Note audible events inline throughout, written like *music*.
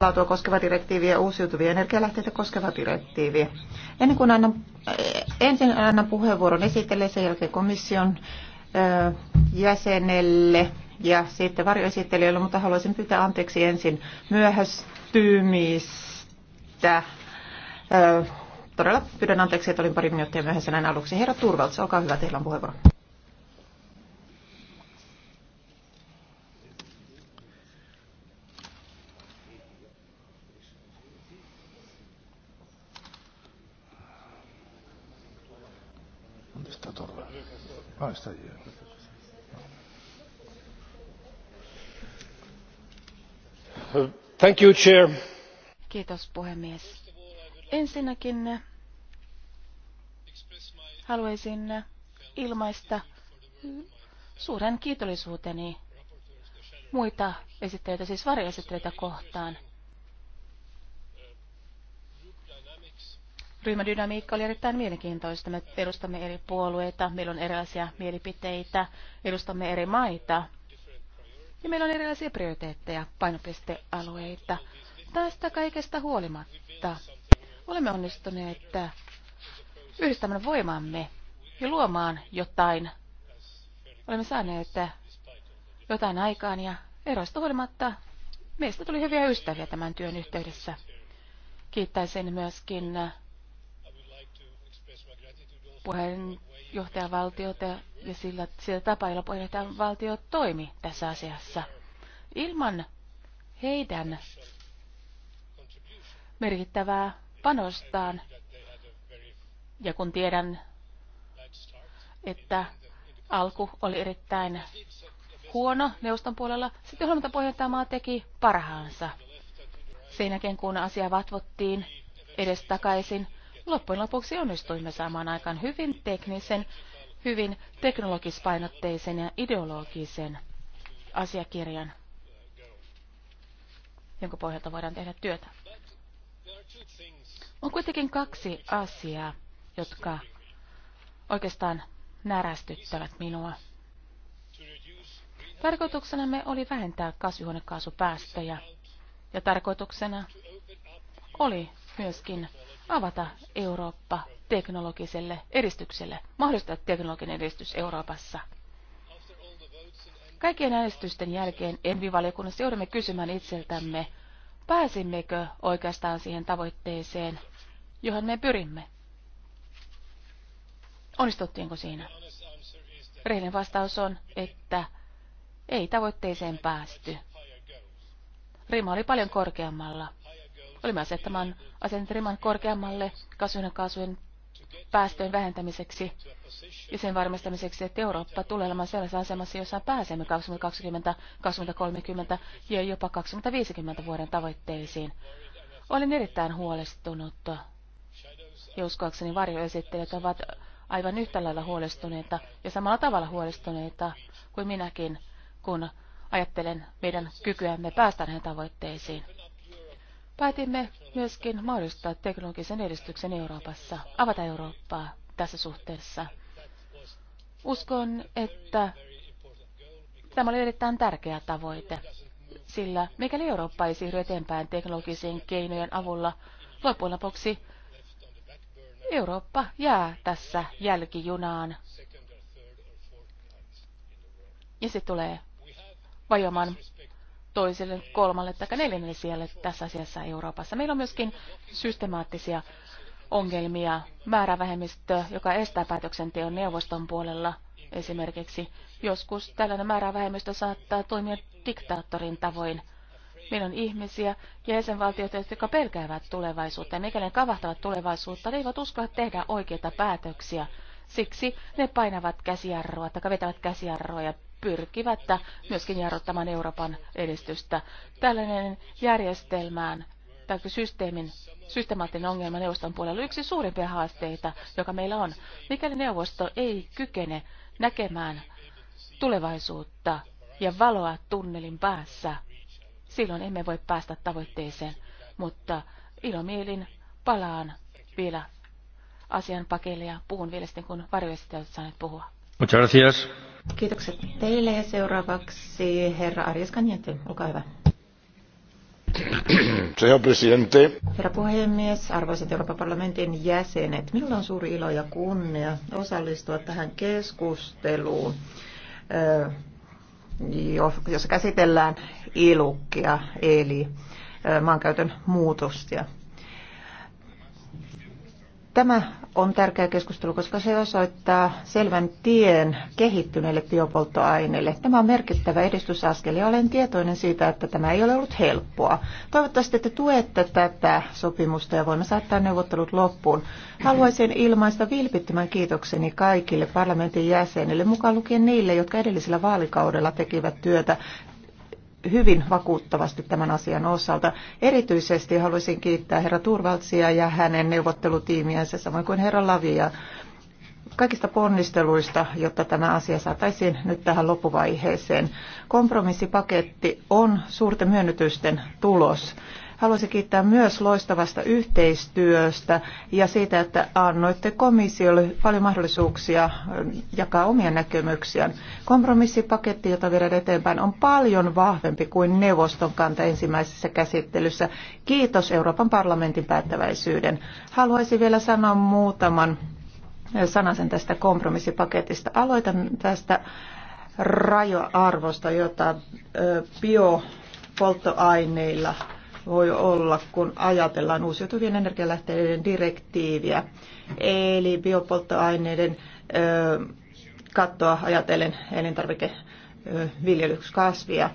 laatua koskeva direktiivi ja uusiutuvia energialähteitä koskeva direktiivi. Ennen kuin annan, eh, ensin annan puheenvuoron esitelle, sen jälkeen komission eh, jäsenelle ja sitten varjoesittelijöille, mutta haluaisin pyytää anteeksi ensin myöhästymistä. Eh, todella pyydän anteeksi, että olin pari minuuttia myöhässä näin aluksi. Herra Turvalts, olkaa hyvä, teillä on puheenvuoro. Ah, Thank you, Chair. Kiitos puhemies. Ensinnäkin haluaisin ilmaista suuren kiitollisuuteni muita esittelijöitä, siis varjoesittelijöitä kohtaan. Ryhmädynamiikka oli erittäin mielenkiintoista. Me edustamme eri puolueita, meillä on erilaisia mielipiteitä, edustamme eri maita ja meillä on erilaisia prioriteetteja, painopistealueita. Tästä kaikesta huolimatta olemme onnistuneet yhdistämään voimamme ja luomaan jotain. Olemme saaneet jotain aikaan ja eroista huolimatta meistä tuli hyviä ystäviä tämän työn yhteydessä. Kiittäisin myöskin puheenjohtajavaltiota ja sillä, sillä tapaa, jolla puheenjohtajavaltio toimi tässä asiassa. Ilman heidän merkittävää panostaan, ja kun tiedän, että alku oli erittäin huono neuvoston puolella, sitten huomatta puheenjohtajamaa teki parhaansa. Sen jälkeen, kun asia vatvottiin edestakaisin, Loppujen lopuksi onnistuimme saamaan aikaan hyvin teknisen, hyvin teknologispainotteisen ja ideologisen asiakirjan, jonka pohjalta voidaan tehdä työtä. On kuitenkin kaksi asiaa, jotka oikeastaan närästyttävät minua. Tarkoituksenamme oli vähentää kasvihuonekaasupäästöjä, ja tarkoituksena oli myöskin avata Eurooppa teknologiselle edistykselle, mahdollistaa teknologinen edistys Euroopassa. Kaikkien äänestysten jälkeen Envi-valiokunnassa joudumme kysymään itseltämme, pääsimmekö oikeastaan siihen tavoitteeseen, johon me pyrimme. Onnistuttiinko siinä? Rehellinen vastaus on, että ei tavoitteeseen päästy. Rima oli paljon korkeammalla. Olimme asettamaan asennet riman korkeammalle kaasujen päästöjen vähentämiseksi ja sen varmistamiseksi, että Eurooppa tulee olemaan sellaisessa asemassa, jossa pääsemme 2020, 2030 ja jopa 2050 vuoden tavoitteisiin. Olen erittäin huolestunut ja uskoakseni varjoesittelijät ovat aivan yhtä lailla huolestuneita ja samalla tavalla huolestuneita kuin minäkin, kun ajattelen meidän kykyämme päästä näihin tavoitteisiin. Päätimme myöskin mahdollistaa teknologisen edistyksen Euroopassa, avata Eurooppaa tässä suhteessa. Uskon, että tämä oli erittäin tärkeä tavoite, sillä mikäli Eurooppa ei siirry eteenpäin teknologisiin keinojen avulla, loppujen lopuksi Eurooppa jää tässä jälkijunaan. Ja se tulee vajomaan toiselle, kolmalle tai neljännelle sijalle tässä asiassa Euroopassa. Meillä on myöskin systemaattisia ongelmia, määrävähemmistö, joka estää päätöksenteon neuvoston puolella esimerkiksi. Joskus tällainen määrävähemmistö saattaa toimia diktaattorin tavoin. Meillä on ihmisiä ja jäsenvaltioita, jotka pelkäävät tulevaisuutta. Ja mikäli ne kavahtavat tulevaisuutta, ne eivät uskalla tehdä oikeita päätöksiä. Siksi ne painavat käsijarrua tai vetävät käsijarrua ja pyrkivät myöskin jarruttamaan Euroopan edistystä. Tällainen järjestelmään tai systeemin, systemaattinen ongelma neuvoston puolella yksi suurimpia haasteita, joka meillä on. Mikäli neuvosto ei kykene näkemään tulevaisuutta ja valoa tunnelin päässä, silloin emme voi päästä tavoitteeseen, mutta ilomielin palaan vielä asian pakeille ja puhun vielä sitten, kun varjoesittelijät saaneet puhua. Muchas gracias. Kiitokset teille ja seuraavaksi herra Arias Kanjente, olkaa hyvä. presidente. Herra puhemies, arvoisat Euroopan parlamentin jäsenet, minulla on suuri ilo ja kunnia osallistua tähän keskusteluun, eh, jossa käsitellään ilukkia, eli eh, maankäytön muutosta. Tämä on tärkeä keskustelu, koska se osoittaa selvän tien kehittyneille biopolttoaineille. Tämä on merkittävä edistysaskel ja olen tietoinen siitä, että tämä ei ole ollut helppoa. Toivottavasti että tuette tätä sopimusta ja voimme saattaa neuvottelut loppuun. Haluaisin ilmaista vilpittömän kiitokseni kaikille parlamentin jäsenille, mukaan lukien niille, jotka edellisellä vaalikaudella tekivät työtä hyvin vakuuttavasti tämän asian osalta. Erityisesti haluaisin kiittää herra Turvaltsia ja hänen neuvottelutiimiänsä, samoin kuin herra Lavia kaikista ponnisteluista, jotta tämä asia saataisiin nyt tähän loppuvaiheeseen. Kompromissipaketti on suurten myönnytysten tulos. Haluaisin kiittää myös loistavasta yhteistyöstä ja siitä, että annoitte komissiolle paljon mahdollisuuksia jakaa omia näkemyksiään. Kompromissipaketti, jota viedään eteenpäin, on paljon vahvempi kuin neuvoston kanta ensimmäisessä käsittelyssä. Kiitos Euroopan parlamentin päättäväisyyden. Haluaisin vielä sanoa muutaman sanasen tästä kompromissipaketista. Aloitan tästä rajoarvosta, jota biopolttoaineilla voi olla, kun ajatellaan uusiutuvien energialähteiden direktiiviä, eli biopolttoaineiden kattoa ajatellen elintarvikeviljelyskasvia.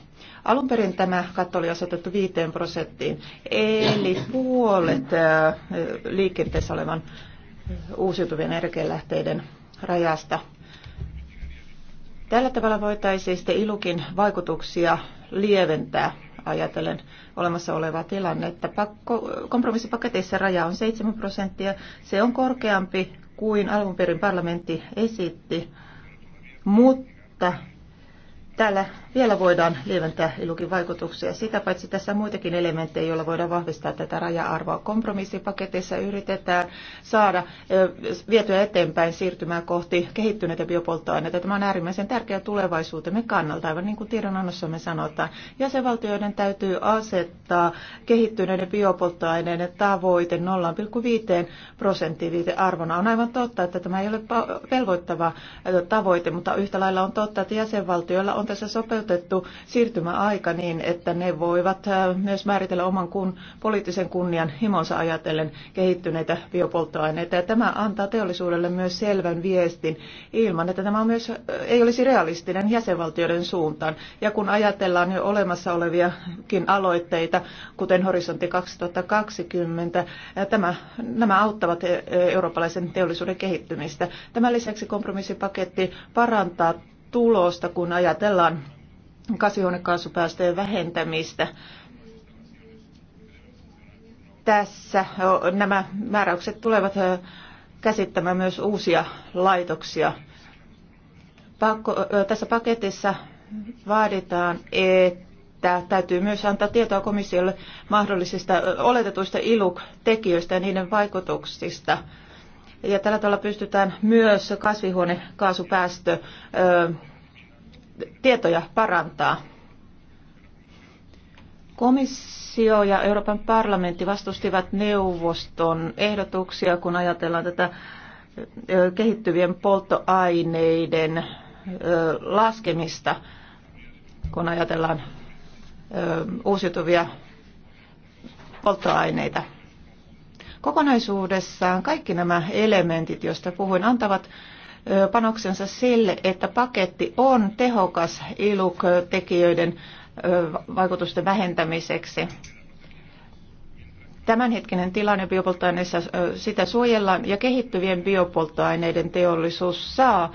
Alun perin tämä katto oli asetettu 5 prosenttiin, eli puolet liikenteessä olevan uusiutuvien energialähteiden rajasta. Tällä tavalla voitaisiin sitten ilukin vaikutuksia lieventää ajatellen olemassa olevaa tilannetta. Pakko, kompromissipaketeissa raja on 7 prosenttia. Se on korkeampi kuin alun perin parlamentti esitti, mutta Täällä vielä voidaan lieventää ilukin vaikutuksia. Sitä paitsi tässä muitakin elementtejä, joilla voidaan vahvistaa tätä raja-arvoa. Kompromissipaketissa yritetään saada vietyä eteenpäin siirtymään kohti kehittyneitä biopolttoaineita. Tämä on äärimmäisen tärkeä tulevaisuutemme kannalta, aivan niin kuin me sanotaan. Jäsenvaltioiden täytyy asettaa kehittyneiden biopolttoaineiden tavoite 0,5 prosenttia viitearvona. On aivan totta, että tämä ei ole velvoittava tavoite, mutta yhtä lailla on totta, että jäsenvaltioilla on tässä sopeutettu siirtymäaika niin, että ne voivat äh, myös määritellä oman kun, poliittisen kunnian himonsa ajatellen kehittyneitä biopolttoaineita. Ja tämä antaa teollisuudelle myös selvän viestin ilman, että tämä on myös, äh, ei olisi realistinen jäsenvaltioiden suuntaan. Ja kun ajatellaan jo olemassa oleviakin aloitteita, kuten Horisontti 2020, äh, tämä, nämä auttavat eurooppalaisen teollisuuden kehittymistä. Tämän lisäksi kompromissipaketti parantaa tulosta, kun ajatellaan kasvihuonekaasupäästöjen vähentämistä. Tässä nämä määräykset tulevat käsittämään myös uusia laitoksia. tässä paketissa vaaditaan, että täytyy myös antaa tietoa komissiolle mahdollisista oletetuista iluk-tekijöistä ja niiden vaikutuksista ja tällä tavalla pystytään myös kasvihuonekaasupäästö tietoja parantaa. Komissio ja Euroopan parlamentti vastustivat neuvoston ehdotuksia, kun ajatellaan tätä kehittyvien polttoaineiden laskemista, kun ajatellaan uusiutuvia polttoaineita. Kokonaisuudessaan kaikki nämä elementit, joista puhuin, antavat panoksensa sille, että paketti on tehokas iluk-tekijöiden vaikutusten vähentämiseksi. Tämänhetkinen tilanne biopolttoaineissa, sitä suojellaan ja kehittyvien biopolttoaineiden teollisuus saa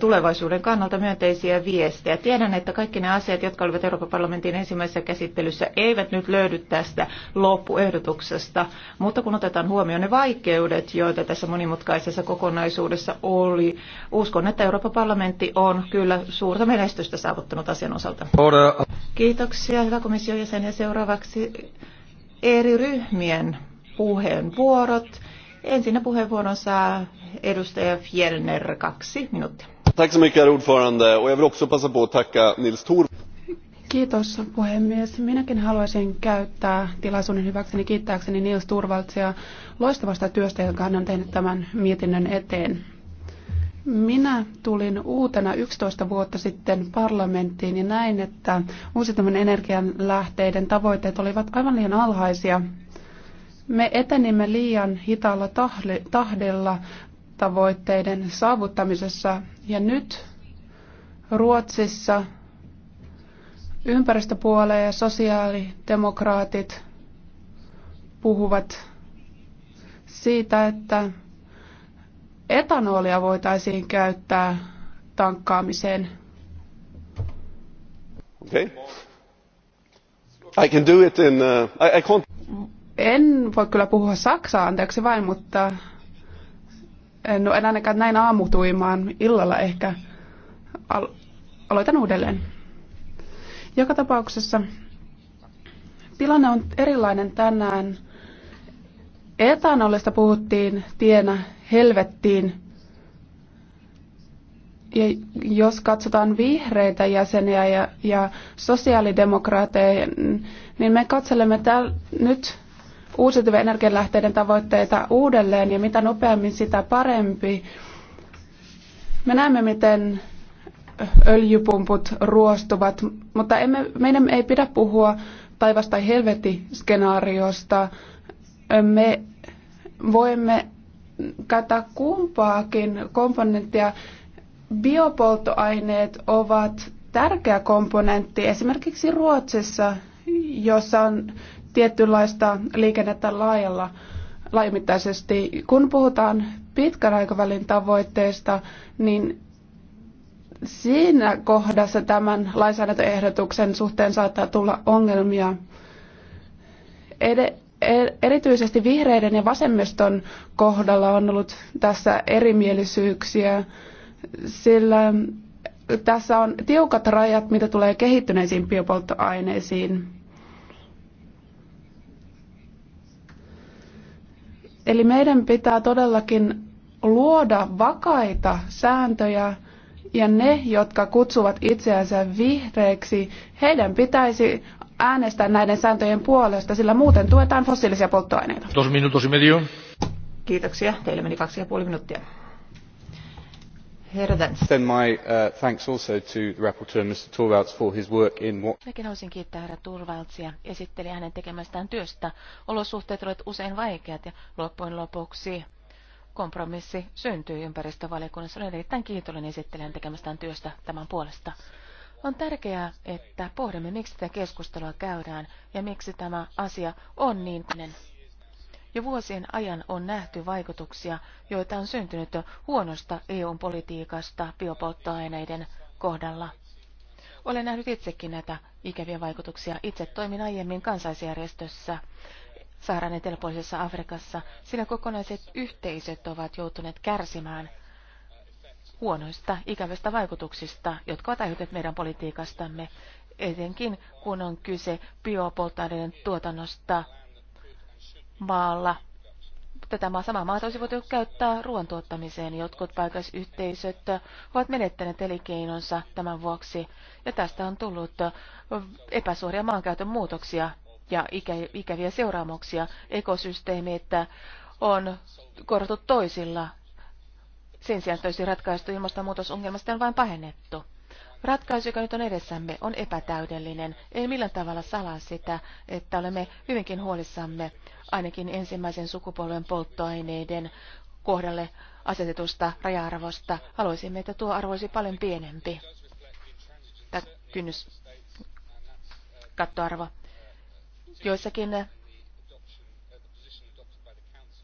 tulevaisuuden kannalta myönteisiä viestejä. Tiedän, että kaikki ne asiat, jotka olivat Euroopan parlamentin ensimmäisessä käsittelyssä, eivät nyt löydy tästä loppuehdotuksesta, mutta kun otetaan huomioon ne vaikeudet, joita tässä monimutkaisessa kokonaisuudessa oli, uskon, että Euroopan parlamentti on kyllä suurta menestystä saavuttanut asian osalta. Kiitoksia, hyvä komission jäsen, ja seuraavaksi eri ryhmien puheenvuorot. Ensinnä puheenvuoron saa edustaja Fjellner, kaksi minuuttia. Tack så mycket, ordförande. Och jag vill också passa på att tacka Nils Thor. Kiitos puhemies. Minäkin haluaisin käyttää tilaisuuden hyväkseni kiittääkseni Nils Turvaltsia loistavasta työstä, jonka hän on tehnyt tämän mietinnön eteen. Minä tulin uutena 11 vuotta sitten parlamenttiin ja näin, että uusiutuvan energian lähteiden tavoitteet olivat aivan liian alhaisia. Me etenimme liian hitaalla tahdilla tavoitteiden saavuttamisessa ja nyt Ruotsissa ympäristöpuoleen ja sosiaalidemokraatit puhuvat siitä, että etanolia voitaisiin käyttää tankkaamiseen. Okay. I can do it in, uh, I, I can't... En voi kyllä puhua saksaa, anteeksi vain, mutta no en ainakaan näin aamutuimaan, illalla ehkä. Al- aloitan uudelleen. Joka tapauksessa tilanne on erilainen tänään. Etanolista puhuttiin tienä helvettiin. Ja jos katsotaan vihreitä jäseniä ja, ja sosiaalidemokraateja, niin me katselemme täällä nyt uusiutuvien energialähteiden tavoitteita uudelleen ja mitä nopeammin sitä parempi. Me näemme, miten öljypumput ruostuvat, mutta emme, meidän ei pidä puhua taivasta tai helvetti-skenaariosta. Me voimme kata kumpaakin komponenttia. Biopolttoaineet ovat tärkeä komponentti esimerkiksi Ruotsissa, jossa on tietynlaista liikennettä laajalla laajamittaisesti. Kun puhutaan pitkän aikavälin tavoitteista, niin siinä kohdassa tämän lainsäädäntöehdotuksen suhteen saattaa tulla ongelmia. Ed- Er- erityisesti vihreiden ja vasemmiston kohdalla on ollut tässä erimielisyyksiä, sillä tässä on tiukat rajat, mitä tulee kehittyneisiin biopolttoaineisiin. Eli meidän pitää todellakin luoda vakaita sääntöjä, ja ne, jotka kutsuvat itseänsä vihreiksi, heidän pitäisi äänestää näiden sääntöjen puolesta, sillä muuten tuetaan fossiilisia polttoaineita. Dos minutos y medio. Kiitoksia. Teille meni kaksi ja puoli minuuttia. Uh, Minäkin haluaisin kiittää herra Turvaltsia esitteli hänen tekemästään työstä. Olosuhteet olivat usein vaikeat ja loppujen lopuksi kompromissi syntyi ympäristövaliokunnassa. Olen erittäin kiitollinen esittelijän tekemästään työstä tämän puolesta. On tärkeää, että pohdimme, miksi tätä keskustelua käydään ja miksi tämä asia on niin kuin jo vuosien ajan on nähty vaikutuksia, joita on syntynyt huonosta EU-politiikasta biopolttoaineiden kohdalla. Olen nähnyt itsekin näitä ikäviä vaikutuksia. Itse toimin aiemmin kansaisjärjestössä Saharan eteläpuolisessa Afrikassa, sillä kokonaiset yhteisöt ovat joutuneet kärsimään – huonoista, ikävistä vaikutuksista, jotka ovat aiheutuneet meidän politiikastamme, etenkin kun on kyse biopolttoaineiden tuotannosta maalla. Tätä maa, samaa maata olisi voitu käyttää ruoan tuottamiseen. Jotkut paikallisyhteisöt ovat menettäneet elikeinonsa tämän vuoksi, ja tästä on tullut epäsuoria maankäytön muutoksia ja ikäviä seuraamuksia. Ekosysteemit on korvattu toisilla sen sijaan, täysin olisi ratkaistu ilmastonmuutosongelmasta, on vain pahennettu. Ratkaisu, joka nyt on edessämme, on epätäydellinen. Ei millään tavalla salaa sitä, että olemme hyvinkin huolissamme ainakin ensimmäisen sukupolven polttoaineiden kohdalle asetetusta raja-arvosta. Haluaisimme, että tuo arvo olisi paljon pienempi. Tämä kynnys kattoarvo. Joissakin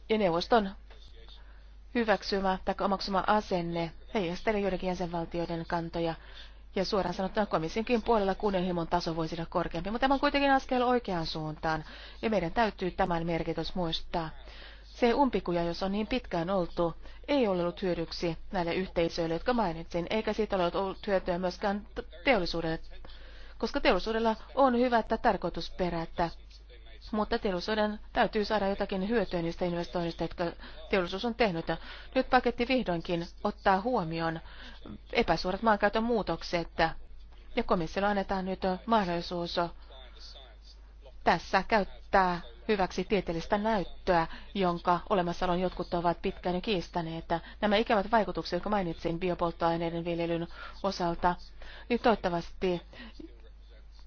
ja neuvoston hyväksymä tai omaksuma asenne heijastelee joidenkin jäsenvaltioiden kantoja. Ja suoraan sanottuna komissionkin puolella kunnianhimon taso voisi olla korkeampi, mutta tämä on kuitenkin askel oikeaan suuntaan, ja meidän täytyy tämän merkitys muistaa. Se umpikuja, jos on niin pitkään oltu, ei ole ollut hyödyksi näille yhteisöille, jotka mainitsin, eikä siitä ole ollut hyötyä myöskään teollisuudelle, koska teollisuudella on hyvät tarkoitusperät, mutta teollisuuden täytyy saada jotakin hyötyä niistä investoinnista, jotka teollisuus on tehnyt. Nyt paketti vihdoinkin ottaa huomioon epäsuorat maankäytön muutokset, ja komissiolle annetaan nyt mahdollisuus tässä käyttää hyväksi tieteellistä näyttöä, jonka olemassaolon jotkut ovat pitkään jo kiistäneet. Nämä ikävät vaikutukset, jotka mainitsin biopolttoaineiden viljelyn osalta, niin toivottavasti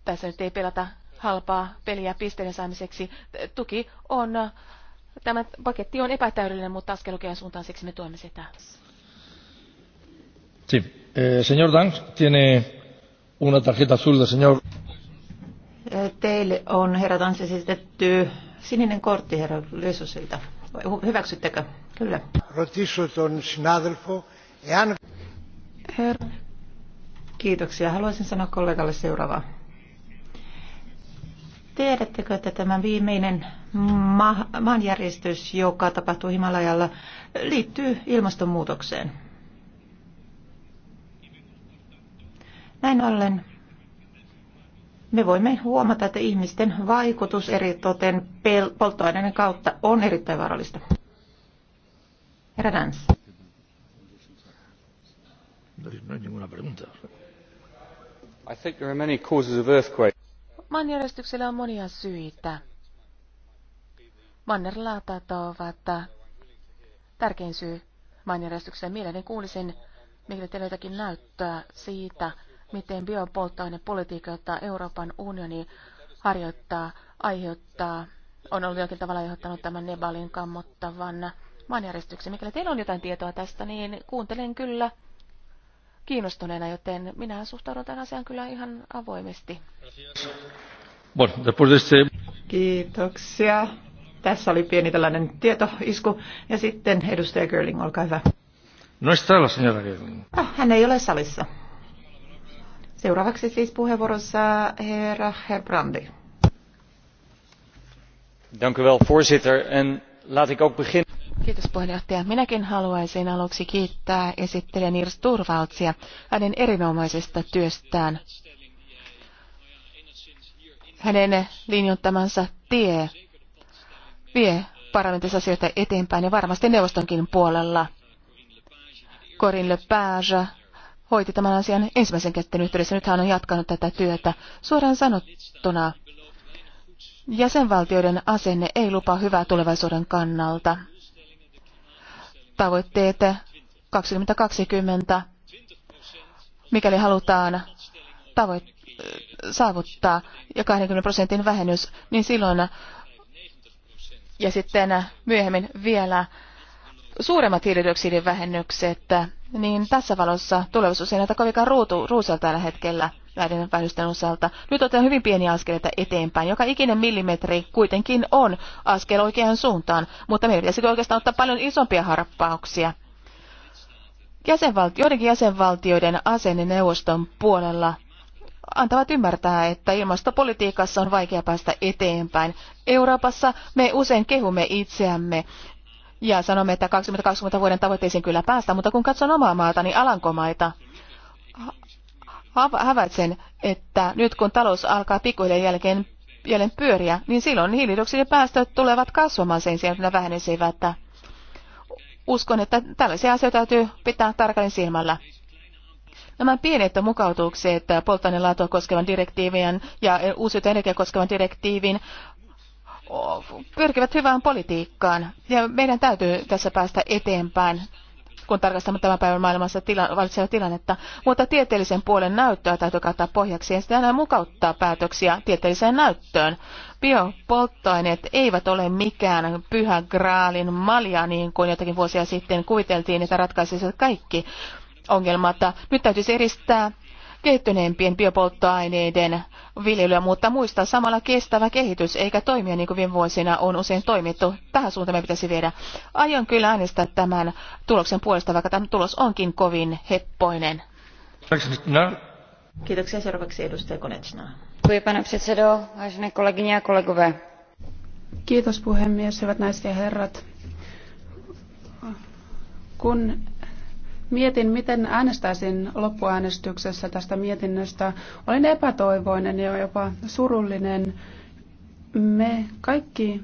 tässä nyt ei pelata halpaa peliä pisteiden saamiseksi. Tuki on, tämä paketti on epätäydellinen, mutta askel suuntaan, siksi me tuemme sitä. Sí. Eh, señor Danks, tiene una tarjeta azul de señor. Eh, teille on herra Dans esitetty sininen kortti herra Lysosilta. Hyväksyttekö? Kyllä. Rotisso ton sinadelfo, Herra. Kiitoksia. Haluaisin sanoa kollegalle seuraavaa. Tiedättekö, että tämä viimeinen ma- maanjäristys, joka tapahtui Himalajalla, liittyy ilmastonmuutokseen? Näin ollen me voimme huomata, että ihmisten vaikutus eri toten polttoaineiden kautta on erittäin vaarallista. Herra Dans. No, no I think there are many causes of earthquake. Maanjärjestyksellä on monia syitä. Mannerlaatat ovat tärkein syy maanjärjestykseen. Mielelläni kuulisin, mikä teillä jotakin näyttää siitä, miten biopolttoainepolitiikka, jota Euroopan unioni harjoittaa, aiheuttaa, on ollut jokin tavalla aiheuttanut tämän Nebalin kammottavan maanjäristyksen. Mikäli teillä on jotain tietoa tästä, niin kuuntelen kyllä kiinnostuneena, joten minä suhtaudun tämän asian kyllä ihan avoimesti. Kiitoksia. Tässä oli pieni tällainen tietoisku. Ja sitten edustaja Görling, olkaa hyvä. No, no hän ei ole salissa. Seuraavaksi siis puheenvuorossa herra Herbrandi. Dank u wel, voorzitter. En laat ik ook beginnen. Kiitos puheenjohtaja. Minäkin haluaisin aluksi kiittää esittelijä Nirs Turvaltsia hänen erinomaisesta työstään. Hänen linjoittamansa tie vie parlamentissa asioita eteenpäin ja varmasti neuvostonkin puolella. Corinne Lepage hoiti tämän asian ensimmäisen kätten yhteydessä. Nyt hän on jatkanut tätä työtä suoraan sanottuna. Jäsenvaltioiden asenne ei lupaa hyvää tulevaisuuden kannalta tavoitteet 2020, mikäli halutaan tavoit- saavuttaa ja 20 prosentin vähennys, niin silloin ja sitten myöhemmin vielä suuremmat hiilidioksidin vähennykset, niin tässä valossa tulevaisuus ei näytä kovinkaan ruutu, tällä hetkellä vähdysten osalta. Nyt otetaan hyvin pieniä askeleita eteenpäin. Joka ikinen millimetri kuitenkin on askel oikeaan suuntaan, mutta meidän pitäisi oikeastaan ottaa paljon isompia harppauksia. Jäsenvalti- joidenkin jäsenvaltioiden asenne neuvoston puolella antavat ymmärtää, että ilmastopolitiikassa on vaikea päästä eteenpäin. Euroopassa me usein kehumme itseämme ja sanomme, että 2020 vuoden tavoitteisiin kyllä päästä, mutta kun katson omaa maata niin Alankomaita, havaitsen, että nyt kun talous alkaa pikkuhiljaa jälkeen jälleen pyöriä, niin silloin hiilidioksidipäästöt tulevat kasvamaan sen sijaan, että ne vähenisivät. Uskon, että tällaisia asioita täytyy pitää tarkalleen silmällä. Nämä pienet mukautukset polttoainelaatua koskevan direktiivien ja uusiutuvan energiaa koskevan direktiivin pyrkivät hyvään politiikkaan ja meidän täytyy tässä päästä eteenpäin kun tarkastamme tämän päivän maailmassa tila, valitsevaa tilannetta. Mutta tieteellisen puolen näyttöä täytyy kattaa pohjaksi ja sitten aina mukauttaa päätöksiä tieteelliseen näyttöön. Biopolttoaineet eivät ole mikään pyhä graalin malja, niin kuin jotakin vuosia sitten kuviteltiin, että ratkaisivat kaikki ongelmat. Nyt täytyisi eristää kehittyneempien biopolttoaineiden viljelyä, mutta muista samalla kestävä kehitys, eikä toimia niin kuin viime vuosina on usein toimittu. Tähän suuntaan pitäisi viedä. Aion kyllä äänestää tämän tuloksen puolesta, vaikka tämä tulos onkin kovin heppoinen. Kiitoksia. Seuraavaksi edustaja Konecina. Kiitos puhemies, hyvät naiset ja herrat. Kun Mietin, miten äänestäisin loppuäänestyksessä tästä mietinnöstä. Olin epätoivoinen ja jopa surullinen. Me kaikki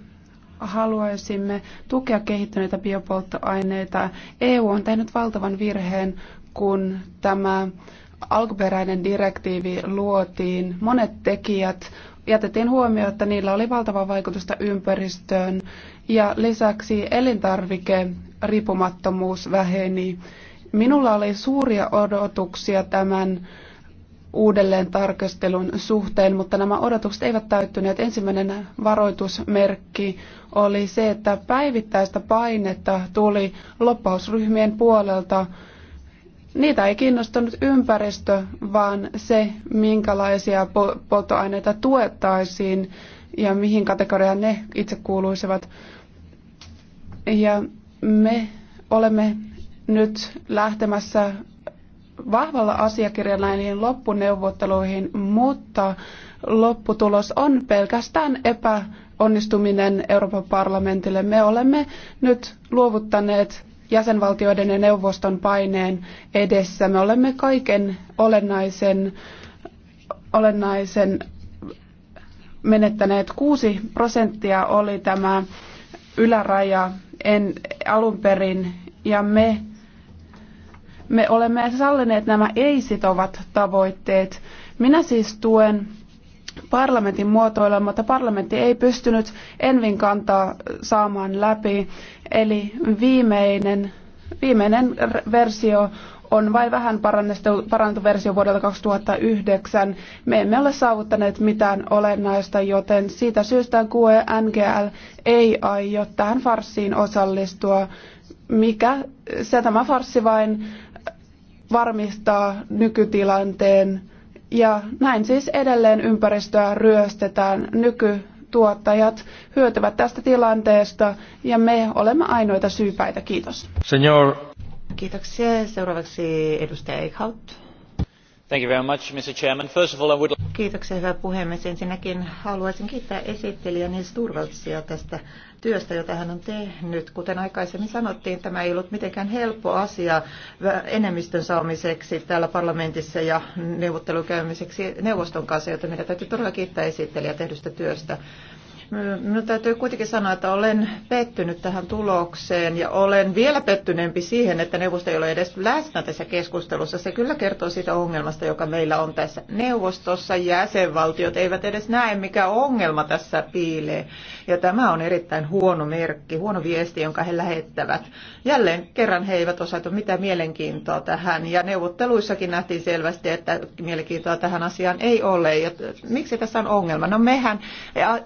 haluaisimme tukea kehittyneitä biopolttoaineita. EU on tehnyt valtavan virheen, kun tämä alkuperäinen direktiivi luotiin. Monet tekijät jätettiin huomioon, että niillä oli valtava vaikutusta ympäristöön ja lisäksi elintarvike riippumattomuus väheni. Minulla oli suuria odotuksia tämän uudelleen tarkastelun suhteen, mutta nämä odotukset eivät täyttyneet. Ensimmäinen varoitusmerkki oli se, että päivittäistä painetta tuli loppausryhmien puolelta. Niitä ei kiinnostanut ympäristö, vaan se, minkälaisia polttoaineita tuettaisiin ja mihin kategoriaan ne itse kuuluisivat. Ja me olemme nyt lähtemässä vahvalla asiakirjalla näihin loppuneuvotteluihin, mutta lopputulos on pelkästään epäonnistuminen Euroopan parlamentille. Me olemme nyt luovuttaneet jäsenvaltioiden ja neuvoston paineen edessä. Me olemme kaiken olennaisen, olennaisen menettäneet. 6 prosenttia oli tämä yläraja en, alun perin, ja me me olemme sallineet nämä ei-sitovat tavoitteet. Minä siis tuen parlamentin muotoilua, mutta parlamentti ei pystynyt Envin kantaa saamaan läpi. Eli viimeinen, viimeinen versio on vain vähän parannettu versio vuodelta 2009. Me emme ole saavuttaneet mitään olennaista, joten siitä syystä QE NGL ei aio tähän farssiin osallistua mikä se tämä farsi vain varmistaa nykytilanteen. Ja näin siis edelleen ympäristöä ryöstetään. Nykytuottajat hyötyvät tästä tilanteesta ja me olemme ainoita syypäitä. Kiitos. Senior. Kiitoksia. Seuraavaksi edustaja Eichhout. Thank you very much, Mr. Chairman. First of all, I would... Kiitoksia, hyvä puhemies. Ensinnäkin haluaisin kiittää esittelijä Nils Turvaltsia tästä työstä, jota hän on tehnyt. Kuten aikaisemmin sanottiin, tämä ei ollut mitenkään helppo asia enemmistön saamiseksi täällä parlamentissa ja neuvottelukäymiseksi neuvoston kanssa, joten meidän täytyy todella kiittää esittelijä tehdystä työstä. Minun täytyy kuitenkin sanoa, että olen pettynyt tähän tulokseen ja olen vielä pettyneempi siihen, että neuvosto ei ole edes läsnä tässä keskustelussa. Se kyllä kertoo siitä ongelmasta, joka meillä on tässä neuvostossa. Jäsenvaltiot eivät edes näe, mikä ongelma tässä piilee. Ja tämä on erittäin huono merkki, huono viesti, jonka he lähettävät. Jälleen kerran he eivät osaitu mitään mielenkiintoa tähän. Ja neuvotteluissakin nähtiin selvästi, että mielenkiintoa tähän asiaan ei ole. Ja miksi tässä on ongelma? No mehän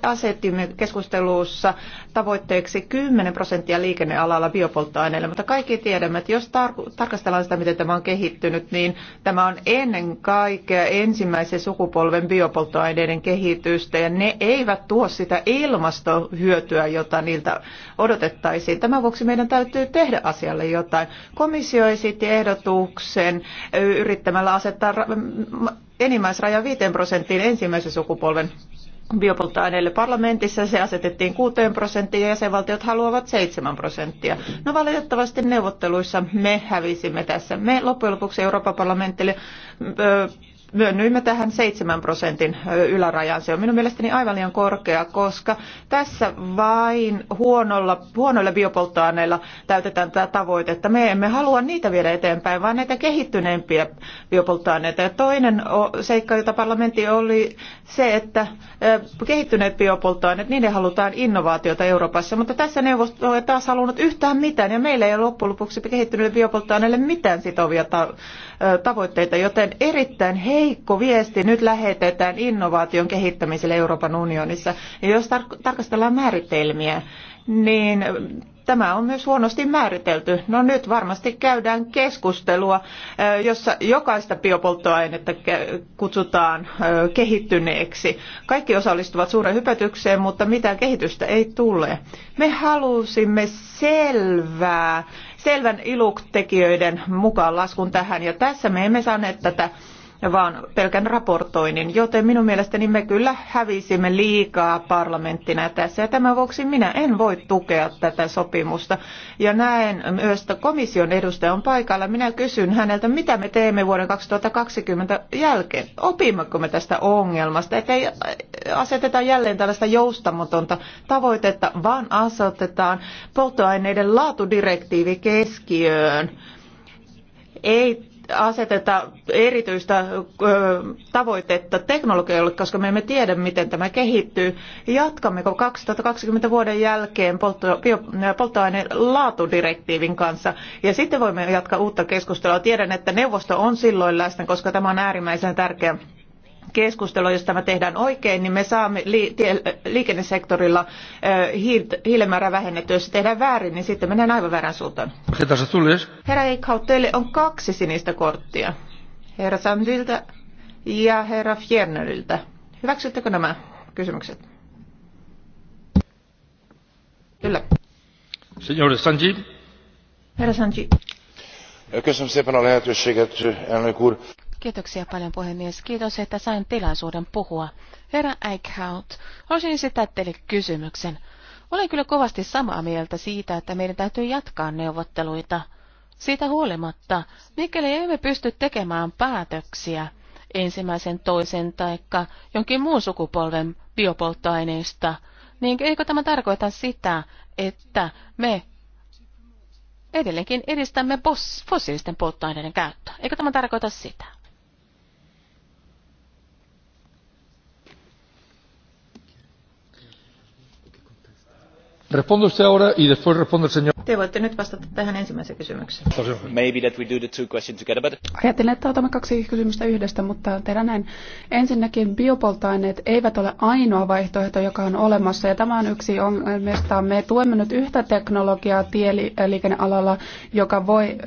asettimme asetimme keskustelussa tavoitteeksi 10 prosenttia liikennealalla biopolttoaineille, mutta kaikki tiedämme, että jos tar- tarkastellaan sitä, miten tämä on kehittynyt, niin tämä on ennen kaikkea ensimmäisen sukupolven biopolttoaineiden kehitystä ja ne eivät tuo sitä ilmastohyötyä, jota niiltä odotettaisiin. Tämän vuoksi meidän täytyy tehdä asialle jotain. Komissio esitti ehdotuksen yrittämällä asettaa enimmäisraja 5 prosenttiin ensimmäisen sukupolven biopolttoaineille parlamentissa. Se asetettiin 6 prosenttiin ja jäsenvaltiot haluavat 7 prosenttia. No valitettavasti neuvotteluissa me hävisimme tässä. Me loppujen lopuksi Euroopan parlamentille myönnyimme tähän 7 prosentin ylärajaan. Se on minun mielestäni aivan liian korkea, koska tässä vain huonolla, huonoilla biopolttoaineilla täytetään tätä tavoitetta. Me emme halua niitä viedä eteenpäin, vaan näitä kehittyneempiä biopolttoaineita. Ja toinen seikka, jota parlamentti oli se, että kehittyneet biopolttoaineet, niiden halutaan innovaatiota Euroopassa, mutta tässä neuvosto ei taas halunnut yhtään mitään, ja meillä ei ole loppujen lopuksi kehittyneille biopolttoaineille mitään sitovia tavoitteita, joten erittäin heikko viesti nyt lähetetään innovaation kehittämiselle Euroopan unionissa. Ja jos tar- tarkastellaan määritelmiä, niin tämä on myös huonosti määritelty. No nyt varmasti käydään keskustelua, jossa jokaista biopolttoainetta kutsutaan kehittyneeksi. Kaikki osallistuvat suureen hypätykseen, mutta mitään kehitystä ei tule. Me halusimme selvää selvän tekijöiden mukaan laskun tähän. Ja tässä me emme saaneet tätä vaan pelkän raportoinnin, joten minun mielestäni me kyllä hävisimme liikaa parlamenttina tässä ja tämän vuoksi minä en voi tukea tätä sopimusta. Ja näen myös, että komission edustaja on paikalla. Minä kysyn häneltä, mitä me teemme vuoden 2020 jälkeen. Opimmeko me tästä ongelmasta, ettei aseteta jälleen tällaista joustamatonta tavoitetta, vaan asetetaan polttoaineiden laatudirektiivi keskiöön. Ei aseteta erityistä tavoitetta teknologialle, koska me emme tiedä, miten tämä kehittyy. Jatkammeko 2020 vuoden jälkeen polttoaineen laatudirektiivin kanssa? Ja sitten voimme jatkaa uutta keskustelua. Tiedän, että neuvosto on silloin läsnä, koska tämä on äärimmäisen tärkeä keskustelua. Jos tämä tehdään oikein, niin me saamme liikennesektorilla hiilimäärää vähennettyä. Jos se tehdään väärin, niin sitten mennään aivan väärään suuntaan. Herra Eichhout, teille on kaksi sinistä korttia. Herra Sandilta ja herra Fjerneriltä. Hyväksyttekö nämä kysymykset? Kyllä. Signore Sanji. Herra Sanji. Köszönöm szépen a lehetőséget, elnök úr. Kiitoksia paljon puhemies. Kiitos, että sain tilaisuuden puhua. Herra Eichhout, haluaisin esittää teille kysymyksen. Olen kyllä kovasti samaa mieltä siitä, että meidän täytyy jatkaa neuvotteluita. Siitä huolimatta, mikäli emme pysty tekemään päätöksiä ensimmäisen, toisen tai jonkin muun sukupolven biopolttoaineista, niin eikö tämä tarkoita sitä, että me edelleenkin edistämme fossiilisten polttoaineiden käyttöä? Eikö tämä tarkoita sitä? Responde usted ahora y después responde el señor. Te voitte nyt vastata tähän ensimmäiseen kysymykseen. Maybe that we do the two questions together, but... Ajattelin, että otamme kaksi kysymystä yhdestä, mutta tehdään näin. Ensinnäkin biopoltaineet eivät ole ainoa vaihtoehto, joka on olemassa, ja tämä on yksi ongelmista. Me tuemme nyt yhtä teknologiaa tieliikennealalla, joka voi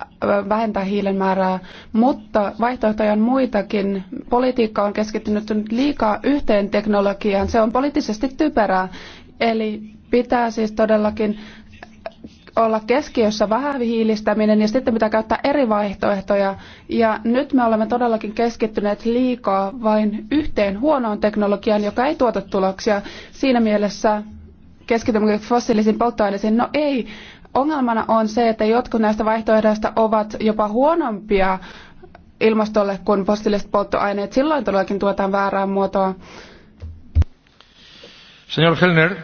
äh, vähentää hiilen määrää, mutta vaihtoehtoja on muitakin. Politiikka on keskittynyt liikaa yhteen teknologiaan. Se on poliittisesti typerää. Eli pitää siis todellakin olla keskiössä vähähiilistäminen ja sitten pitää käyttää eri vaihtoehtoja. Ja nyt me olemme todellakin keskittyneet liikaa vain yhteen huonoon teknologiaan, joka ei tuota tuloksia. Siinä mielessä keskitymme fossiilisiin polttoaineisiin. No ei. Ongelmana on se, että jotkut näistä vaihtoehdoista ovat jopa huonompia ilmastolle kuin fossiiliset polttoaineet. Silloin todellakin tuotaan väärää muotoa. Señor Fellner,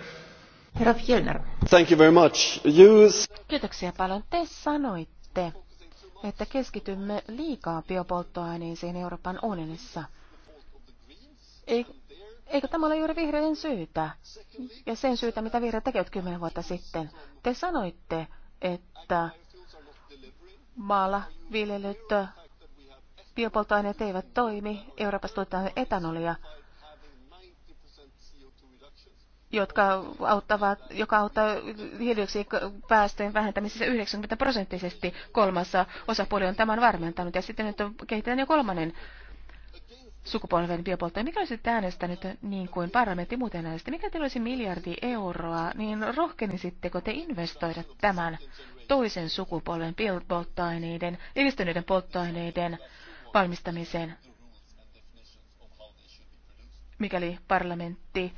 Herra Fjellner. Thank you very much. You... Kiitoksia paljon. Te sanoitte, että keskitymme liikaa biopolttoaineisiin Euroopan unionissa. Eikö tämä ole juuri vihreiden syytä? Ja sen syytä, mitä vihreät tekevät kymmenen vuotta sitten. Te sanoitte, että maalla viljelyt biopolttoaineet eivät toimi. Euroopassa tuotetaan etanolia jotka auttavat, joka auttaa hiilidioksidipäästöjen vähentämisessä 90 prosenttisesti kolmassa osapuoli on tämän varmentanut. Ja sitten nyt kehitetään jo kolmannen sukupolven biopolttoja. Mikä olisi äänestänyt niin kuin parlamentti muuten äänestä? Mikä teillä olisi miljardi euroa, niin rohkenisitteko te investoida tämän toisen sukupolven biopolttoaineiden, edistyneiden polttoaineiden valmistamiseen, mikäli parlamentti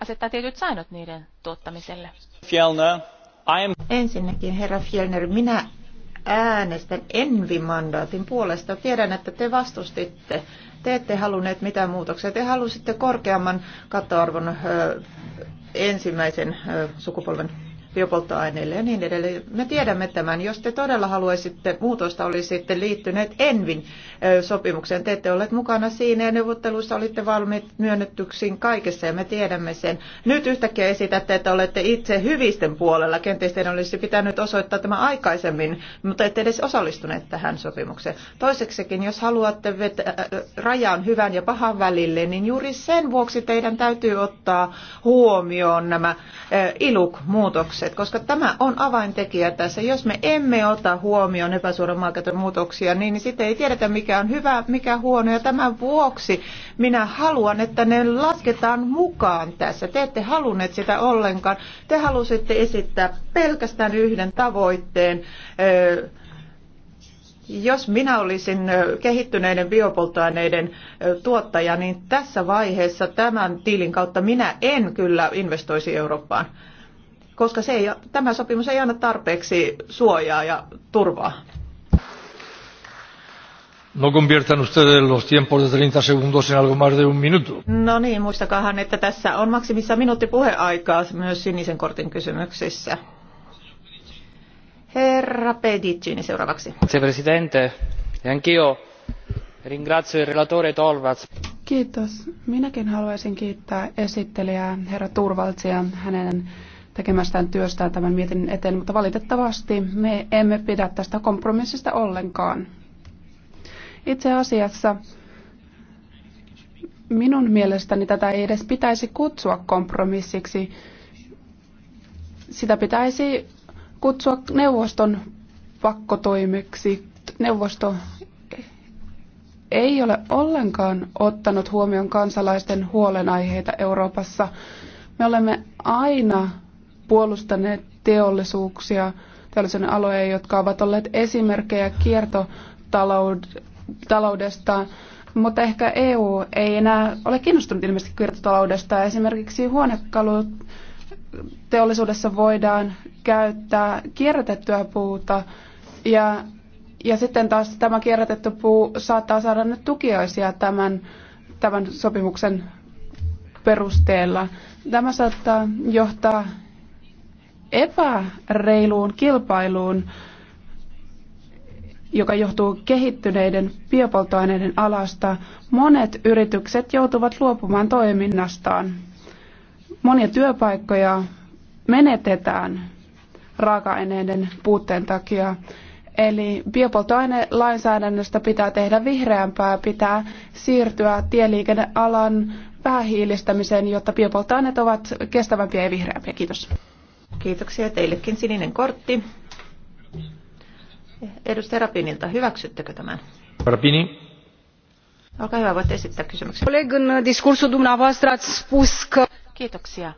asettaa tietyt säännöt niiden tuottamiselle. Fjellner, am... Ensinnäkin herra Fjellner, minä äänestän Envi-mandaatin puolesta. Tiedän, että te vastustitte. Te ette halunneet mitään muutoksia. Te halusitte korkeamman kattoarvon ö, ensimmäisen ö, sukupolven biopolttoaineille ja niin edelleen. Me tiedämme tämän. Jos te todella haluaisitte muutosta, olisitte liittyneet Envin sopimukseen. Te ette olleet mukana siinä ja neuvotteluissa olitte valmiit myönnettyksiin kaikessa ja me tiedämme sen. Nyt yhtäkkiä esitätte, että olette itse hyvisten puolella. Kenties teidän olisi pitänyt osoittaa tämä aikaisemmin, mutta ette edes osallistuneet tähän sopimukseen. Toiseksikin, jos haluatte vetää rajan hyvän ja pahan välille, niin juuri sen vuoksi teidän täytyy ottaa huomioon nämä iluk-muutokset muutokset, koska tämä on avaintekijä tässä. Jos me emme ota huomioon epäsuoran maankäytön muutoksia, niin, niin sitten ei tiedetä mikä on hyvä, mikä huono. Ja tämän vuoksi minä haluan, että ne lasketaan mukaan tässä. Te ette halunneet sitä ollenkaan. Te halusitte esittää pelkästään yhden tavoitteen. Jos minä olisin kehittyneiden biopolttoaineiden tuottaja, niin tässä vaiheessa tämän tiilin kautta minä en kyllä investoisi Eurooppaan koska se ei, tämä sopimus ei anna tarpeeksi suojaa ja turvaa. No conviertan ustedes los tiempos de 30 segundos en algo más de un minuto. No niin, muistakahan, että tässä on maksimissa minuutti puheaikaa myös sinisen kortin kysymyksissä. Herra Pedicini seuraavaksi. Grazie Presidente. E anch'io ringrazio il relatore Tolvats. Kiitos. Minäkin haluaisin kiittää esittelijää herra Turvaltsia hänen tekemästään työstään tämän mietinnön eteen, mutta valitettavasti me emme pidä tästä kompromissista ollenkaan. Itse asiassa minun mielestäni tätä ei edes pitäisi kutsua kompromissiksi. Sitä pitäisi kutsua neuvoston pakkotoimeksi. Neuvosto ei ole ollenkaan ottanut huomioon kansalaisten huolenaiheita Euroopassa. Me olemme aina puolustaneet teollisuuksia, tällaisen aloja, jotka ovat olleet esimerkkejä kiertotaloudesta, mutta ehkä EU ei enää ole kiinnostunut ilmeisesti kiertotaloudesta. Esimerkiksi huonekalut teollisuudessa voidaan käyttää kierrätettyä puuta ja, ja sitten taas tämä kierrätetty puu saattaa saada nyt tukiaisia tämän, tämän sopimuksen perusteella. Tämä saattaa johtaa epäreiluun kilpailuun, joka johtuu kehittyneiden biopolttoaineiden alasta, monet yritykset joutuvat luopumaan toiminnastaan. Monia työpaikkoja menetetään raaka-aineiden puutteen takia. Eli biopolttoainelainsäädännöstä pitää tehdä vihreämpää, pitää siirtyä tieliikennealan vähähiilistämiseen, jotta biopolttoaineet ovat kestävämpiä ja vihreämpiä. Kiitos. Kiitoksia teillekin. Sininen kortti. Edustaja Rapinilta, hyväksyttekö tämän? Rapini. Olkaa hyvä, voitte esittää kysymyksen. Kiitoksia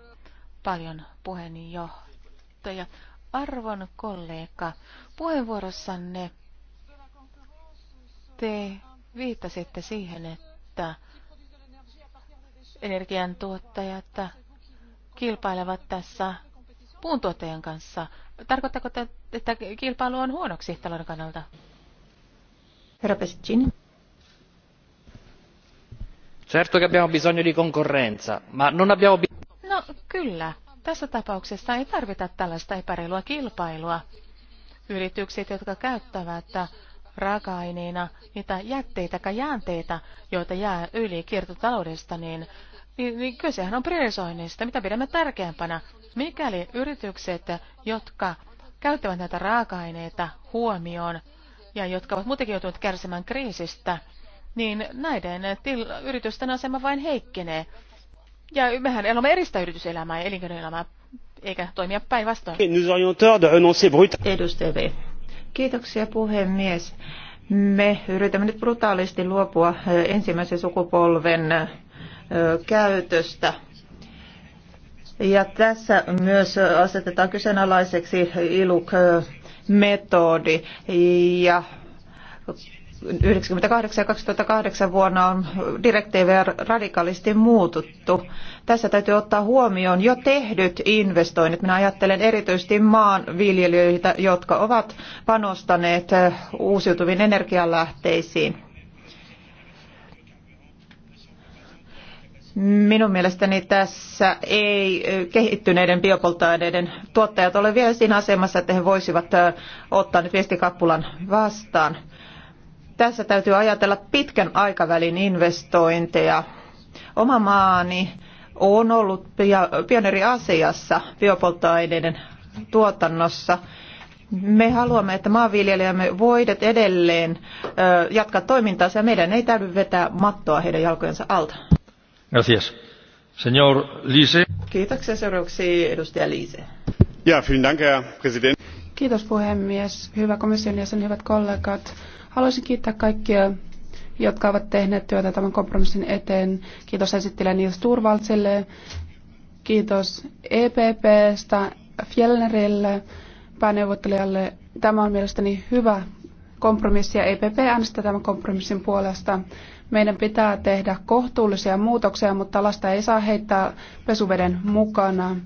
paljon puheenjohtaja. Arvon kollega, puheenvuorossanne te viittasitte siihen, että energiantuottajat kilpailevat tässä puuntuottajan kanssa. Tarkoittaako, että kilpailu on huonoksi talouden kannalta? Herra Pesiccini. Certo che abbiamo bisogno di concorrenza, ma non abbiamo No kyllä, tässä tapauksessa ei tarvita tällaista epäreilua kilpailua. Yritykset, jotka käyttävät raaka-aineina niitä jätteitä tai jäänteitä, joita jää yli kiertotaloudesta, niin niin, niin kysehän on priorisoinnista, mitä pidämme tärkeämpänä. Mikäli yritykset, jotka käyttävät näitä raaka-aineita huomioon ja jotka ovat muutenkin joutuneet kärsimään kriisistä, niin näiden til- yritysten asema vain heikkenee. Ja mehän elämme eristä yrityselämää ja elinkeinoelämää, eikä toimia päinvastoin. Edustaja B. Kiitoksia puhemies. Me yritämme nyt brutaalisti luopua ensimmäisen sukupolven käytöstä. Ja tässä myös asetetaan kyseenalaiseksi ILUK-metodi ja 1998 ja 2008 vuonna on direktiivejä radikaalisti muututtu. Tässä täytyy ottaa huomioon jo tehdyt investoinnit. Minä ajattelen erityisesti maanviljelijöitä, jotka ovat panostaneet uusiutuviin energialähteisiin. Minun mielestäni tässä ei kehittyneiden biopolttoaineiden tuottajat ole vielä siinä asemassa, että he voisivat ottaa nyt viestikappulan vastaan. Tässä täytyy ajatella pitkän aikavälin investointeja. Oma maani on ollut pioneeri asiassa biopolttoaineiden tuotannossa. Me haluamme, että maanviljelijämme voidet edelleen jatkaa toimintaansa ja meidän ei täytyy vetää mattoa heidän jalkojensa alta. Gracias. Señor Liese. Kiitoksia seuraavaksi edustaja Liise. Ja, vielen Dank, Herr Präsident. Kiitos puhemies, hyvä komission jäsen, hyvät kollegat. Haluaisin kiittää kaikkia, jotka ovat tehneet työtä tämän kompromissin eteen. Kiitos esittelijä Nils Turvaltsille, kiitos EPPstä, Fjellnerille, pääneuvottelijalle. Tämä on mielestäni hyvä kompromissi ja EPP äänestää tämän kompromissin puolesta. Meidän pitää tehdä kohtuullisia muutoksia, mutta lasta ei saa heittää pesuveden mukana.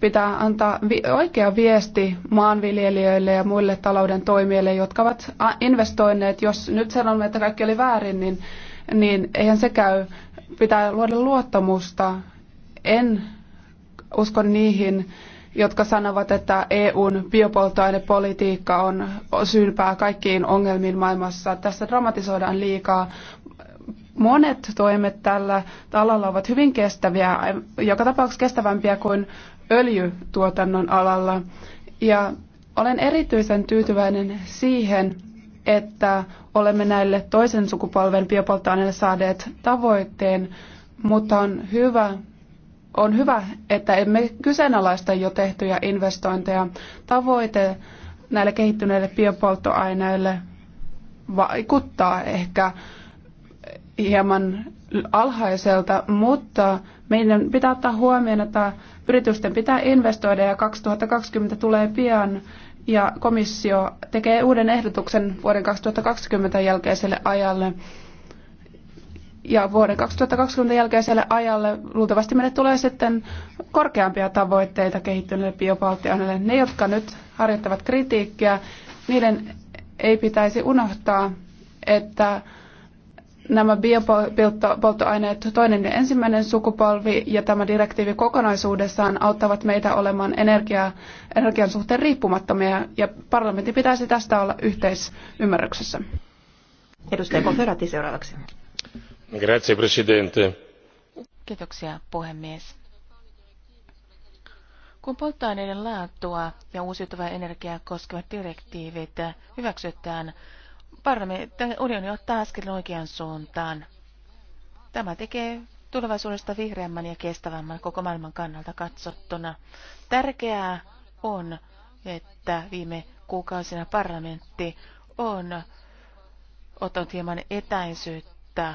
Pitää antaa oikea viesti maanviljelijöille ja muille talouden toimijoille, jotka ovat investoineet. Jos nyt sanomme, että kaikki oli väärin, niin, niin eihän se käy. Pitää luoda luottamusta. En usko niihin jotka sanovat, että EUn biopolttoainepolitiikka on syynpää kaikkiin ongelmiin maailmassa. Tässä dramatisoidaan liikaa. Monet toimet tällä alalla ovat hyvin kestäviä, joka tapauksessa kestävämpiä kuin öljytuotannon alalla. Ja olen erityisen tyytyväinen siihen, että olemme näille toisen sukupolven biopolttoaineille saaneet tavoitteen, mutta on hyvä, on hyvä, että emme kyseenalaista jo tehtyjä investointeja. Tavoite näille kehittyneille biopolttoaineille vaikuttaa ehkä hieman alhaiselta, mutta meidän pitää ottaa huomioon, että yritysten pitää investoida ja 2020 tulee pian ja komissio tekee uuden ehdotuksen vuoden 2020 jälkeiselle ajalle ja vuoden 2020 jälkeiselle ajalle luultavasti meille tulee sitten korkeampia tavoitteita kehittyneille biopolttoaineille. Ne, jotka nyt harjoittavat kritiikkiä, niiden ei pitäisi unohtaa, että nämä biopolttoaineet toinen ja ensimmäinen sukupolvi ja tämä direktiivi kokonaisuudessaan auttavat meitä olemaan energia, energian suhteen riippumattomia ja parlamentti pitäisi tästä olla yhteisymmärryksessä. Edustaja Konferati seuraavaksi. Grazie, presidente. Kiitoksia, puhemies. Kun polttoaineiden laatua ja uusiutuvaa energiaa koskevat direktiivit hyväksytään, unioni ottaa askeleen oikeaan suuntaan. Tämä tekee tulevaisuudesta vihreämmän ja kestävämmän koko maailman kannalta katsottuna. Tärkeää on, että viime kuukausina parlamentti on ottanut hieman etäisyyttä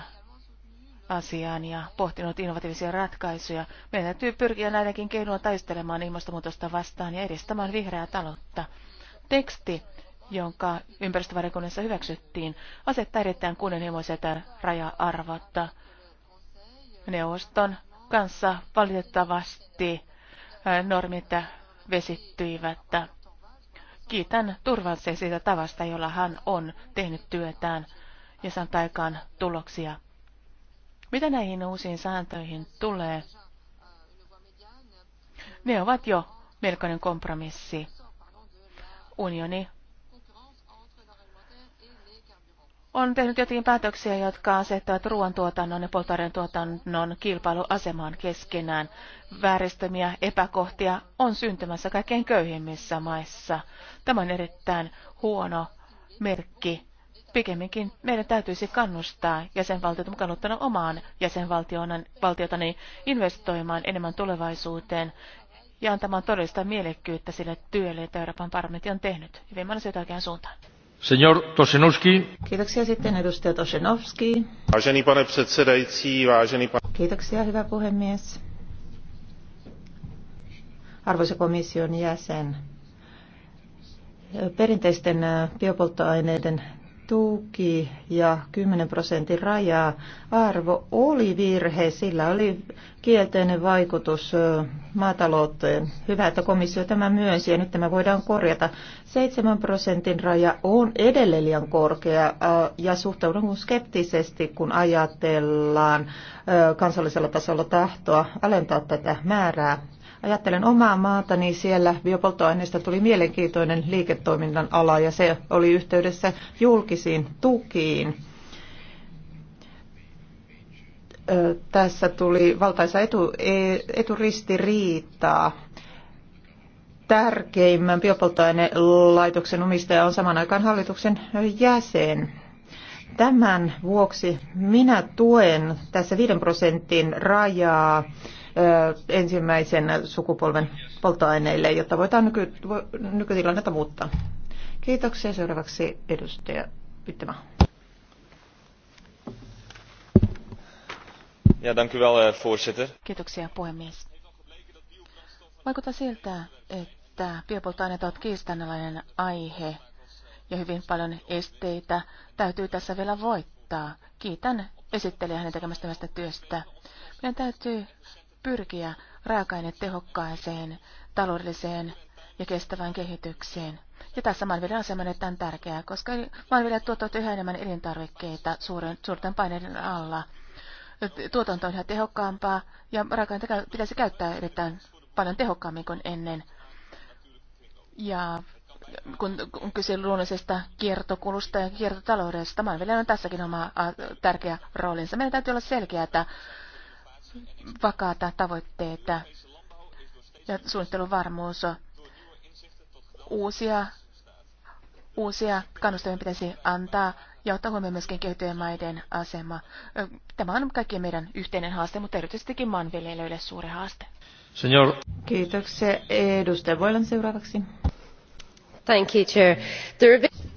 asiaan ja pohtinut innovatiivisia ratkaisuja. Meidän täytyy pyrkiä näidenkin keinoilla taistelemaan ilmastonmuutosta vastaan ja edistämään vihreää taloutta. Teksti, jonka ympäristövaliokunnassa hyväksyttiin, asettaa erittäin kunnianhimoiset raja-arvot. Neuvoston kanssa valitettavasti normit vesittyivät. Kiitän turvalliseen siitä tavasta, jolla hän on tehnyt työtään ja saanut aikaan tuloksia. Mitä näihin uusiin sääntöihin tulee? Ne ovat jo melkoinen kompromissi. Unioni on tehnyt jotakin päätöksiä, jotka asettavat ruoantuotannon ja polttoaineen tuotannon kilpailuasemaan keskenään. Vääristömiä epäkohtia on syntymässä kaikkein köyhimmissä maissa. Tämä on erittäin huono merkki pikemminkin meidän täytyisi kannustaa jäsenvaltiota mukaan ottana omaan jäsenvaltiotani investoimaan enemmän tulevaisuuteen ja antamaan todellista mielekkyyttä sille työlle, jota Euroopan parlamentti on tehnyt. Hyvin viemään asioita oikeaan suuntaan. Senior Tosinovski. Kiitoksia sitten edustaja Tosinovski. Vážený pane předsedající, vážený pan... Kiitoksia, hyvä puhemies. Arvoisa komission jäsen, perinteisten biopolttoaineiden tuki ja 10 prosentin rajaa arvo oli virhe. Sillä oli kielteinen vaikutus maatalouteen. Hyvä, että komissio tämä myönsi ja nyt tämä voidaan korjata. 7 prosentin raja on edelleen liian korkea ja suhtaudun skeptisesti, kun ajatellaan kansallisella tasolla tahtoa alentaa tätä määrää Ajattelen omaa maatani, niin siellä biopolttoaineista tuli mielenkiintoinen liiketoiminnan ala ja se oli yhteydessä julkisiin tukiin. Tässä tuli valtaisa etu, e, eturistiriitaa tärkeimmän biopolttoainelaitoksen omistaja on saman aikaan hallituksen jäsen. Tämän vuoksi minä tuen tässä 5 prosentin rajaa ensimmäisen sukupolven polttoaineille, jotta voidaan nyky, nykytilannetta muuttaa. Kiitoksia. Seuraavaksi edustaja Yttämä. Ja, dank u wel, eh, voorzitter. Kiitoksia, puhemies. Vaikuttaa siltä, että biopolttoaineet ovat kiistanalainen aihe ja hyvin paljon esteitä täytyy tässä vielä voittaa. Kiitän esittelijä hänen tekemästä työstä. Meidän täytyy pyrkiä raaka tehokkaaseen taloudelliseen ja kestävään kehitykseen. Ja tässä maanviljan asema on tämän tärkeää, koska maanviljat tuottavat yhä enemmän elintarvikkeita suuren, suurten paineiden alla. Tuotanto on yhä tehokkaampaa ja raaka pitäisi käyttää erittäin paljon tehokkaammin kuin ennen. Ja kun on kyse luonnollisesta kiertokulusta ja kiertotaloudesta, maanviljelijä on tässäkin oma tärkeä roolinsa. Meidän täytyy olla selkeää, että vakaata tavoitteita ja suunnitteluvarmuus. Uusia, uusia kannustajia pitäisi antaa ja ottaa huomioon myöskin kehittyjen maiden asema. Tämä on kaikki meidän yhteinen haaste, mutta erityisestikin maanviljelijöille suuri haaste. Senior. Kiitoksia. Edustaja Voilan seuraavaksi. Thank you, Chair.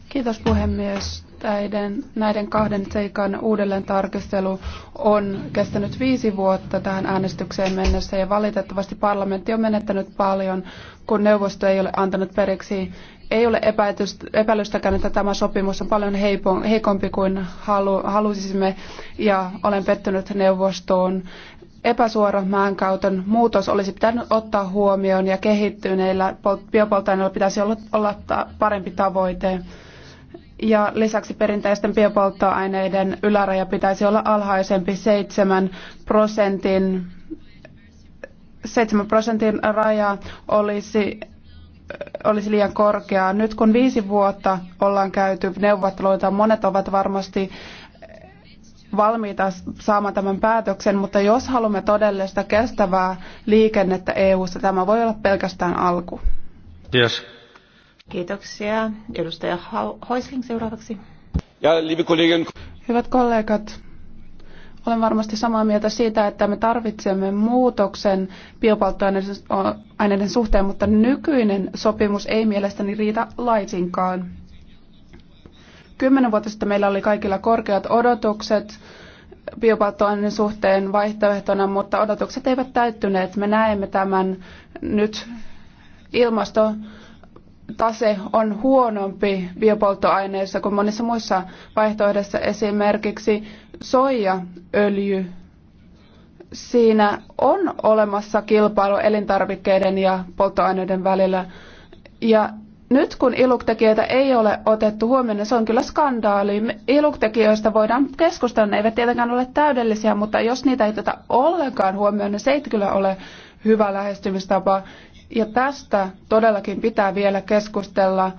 Kiitos puhemies. Näiden, näiden kahden seikan uudelleen tarkistelu on kestänyt viisi vuotta tähän äänestykseen mennessä ja valitettavasti parlamentti on menettänyt paljon, kun neuvosto ei ole antanut periksi. Ei ole epäilystäkään, että tämä sopimus on paljon heikompi kuin halu, halusisimme ja olen pettynyt neuvostoon epäsuora maankäytön muutos olisi pitänyt ottaa huomioon ja kehittyneillä biopolttoaineilla pitäisi olla, olla parempi tavoite. Ja lisäksi perinteisten biopolttoaineiden yläraja pitäisi olla alhaisempi 7 prosentin. 7 prosentin raja olisi, olisi liian korkea. Nyt kun viisi vuotta ollaan käyty neuvotteluita, monet ovat varmasti valmiita saamaan tämän päätöksen, mutta jos haluamme todellista kestävää liikennettä EU-ssa, tämä voi olla pelkästään alku. Yes. Kiitoksia. Edustaja Hoisling seuraavaksi. Ja, liebe Kollegen. Hyvät kollegat, olen varmasti samaa mieltä siitä, että me tarvitsemme muutoksen biopolttoaineiden suhteen, mutta nykyinen sopimus ei mielestäni riitä laisinkaan. Kymmenen vuotta sitten meillä oli kaikilla korkeat odotukset biopolttoaineiden suhteen vaihtoehtona, mutta odotukset eivät täyttyneet. Me näemme tämän nyt ilmasto tase on huonompi biopolttoaineissa kuin monissa muissa vaihtoehdoissa, esimerkiksi soijaöljy. Siinä on olemassa kilpailu elintarvikkeiden ja polttoaineiden välillä. Ja nyt kun iluktekijöitä ei ole otettu huomioon, niin se on kyllä skandaali. Iluktekijöistä voidaan keskustella, ne eivät tietenkään ole täydellisiä, mutta jos niitä ei tätä ollenkaan huomioon, niin se ei kyllä ole hyvä lähestymistapa. Ja tästä todellakin pitää vielä keskustella.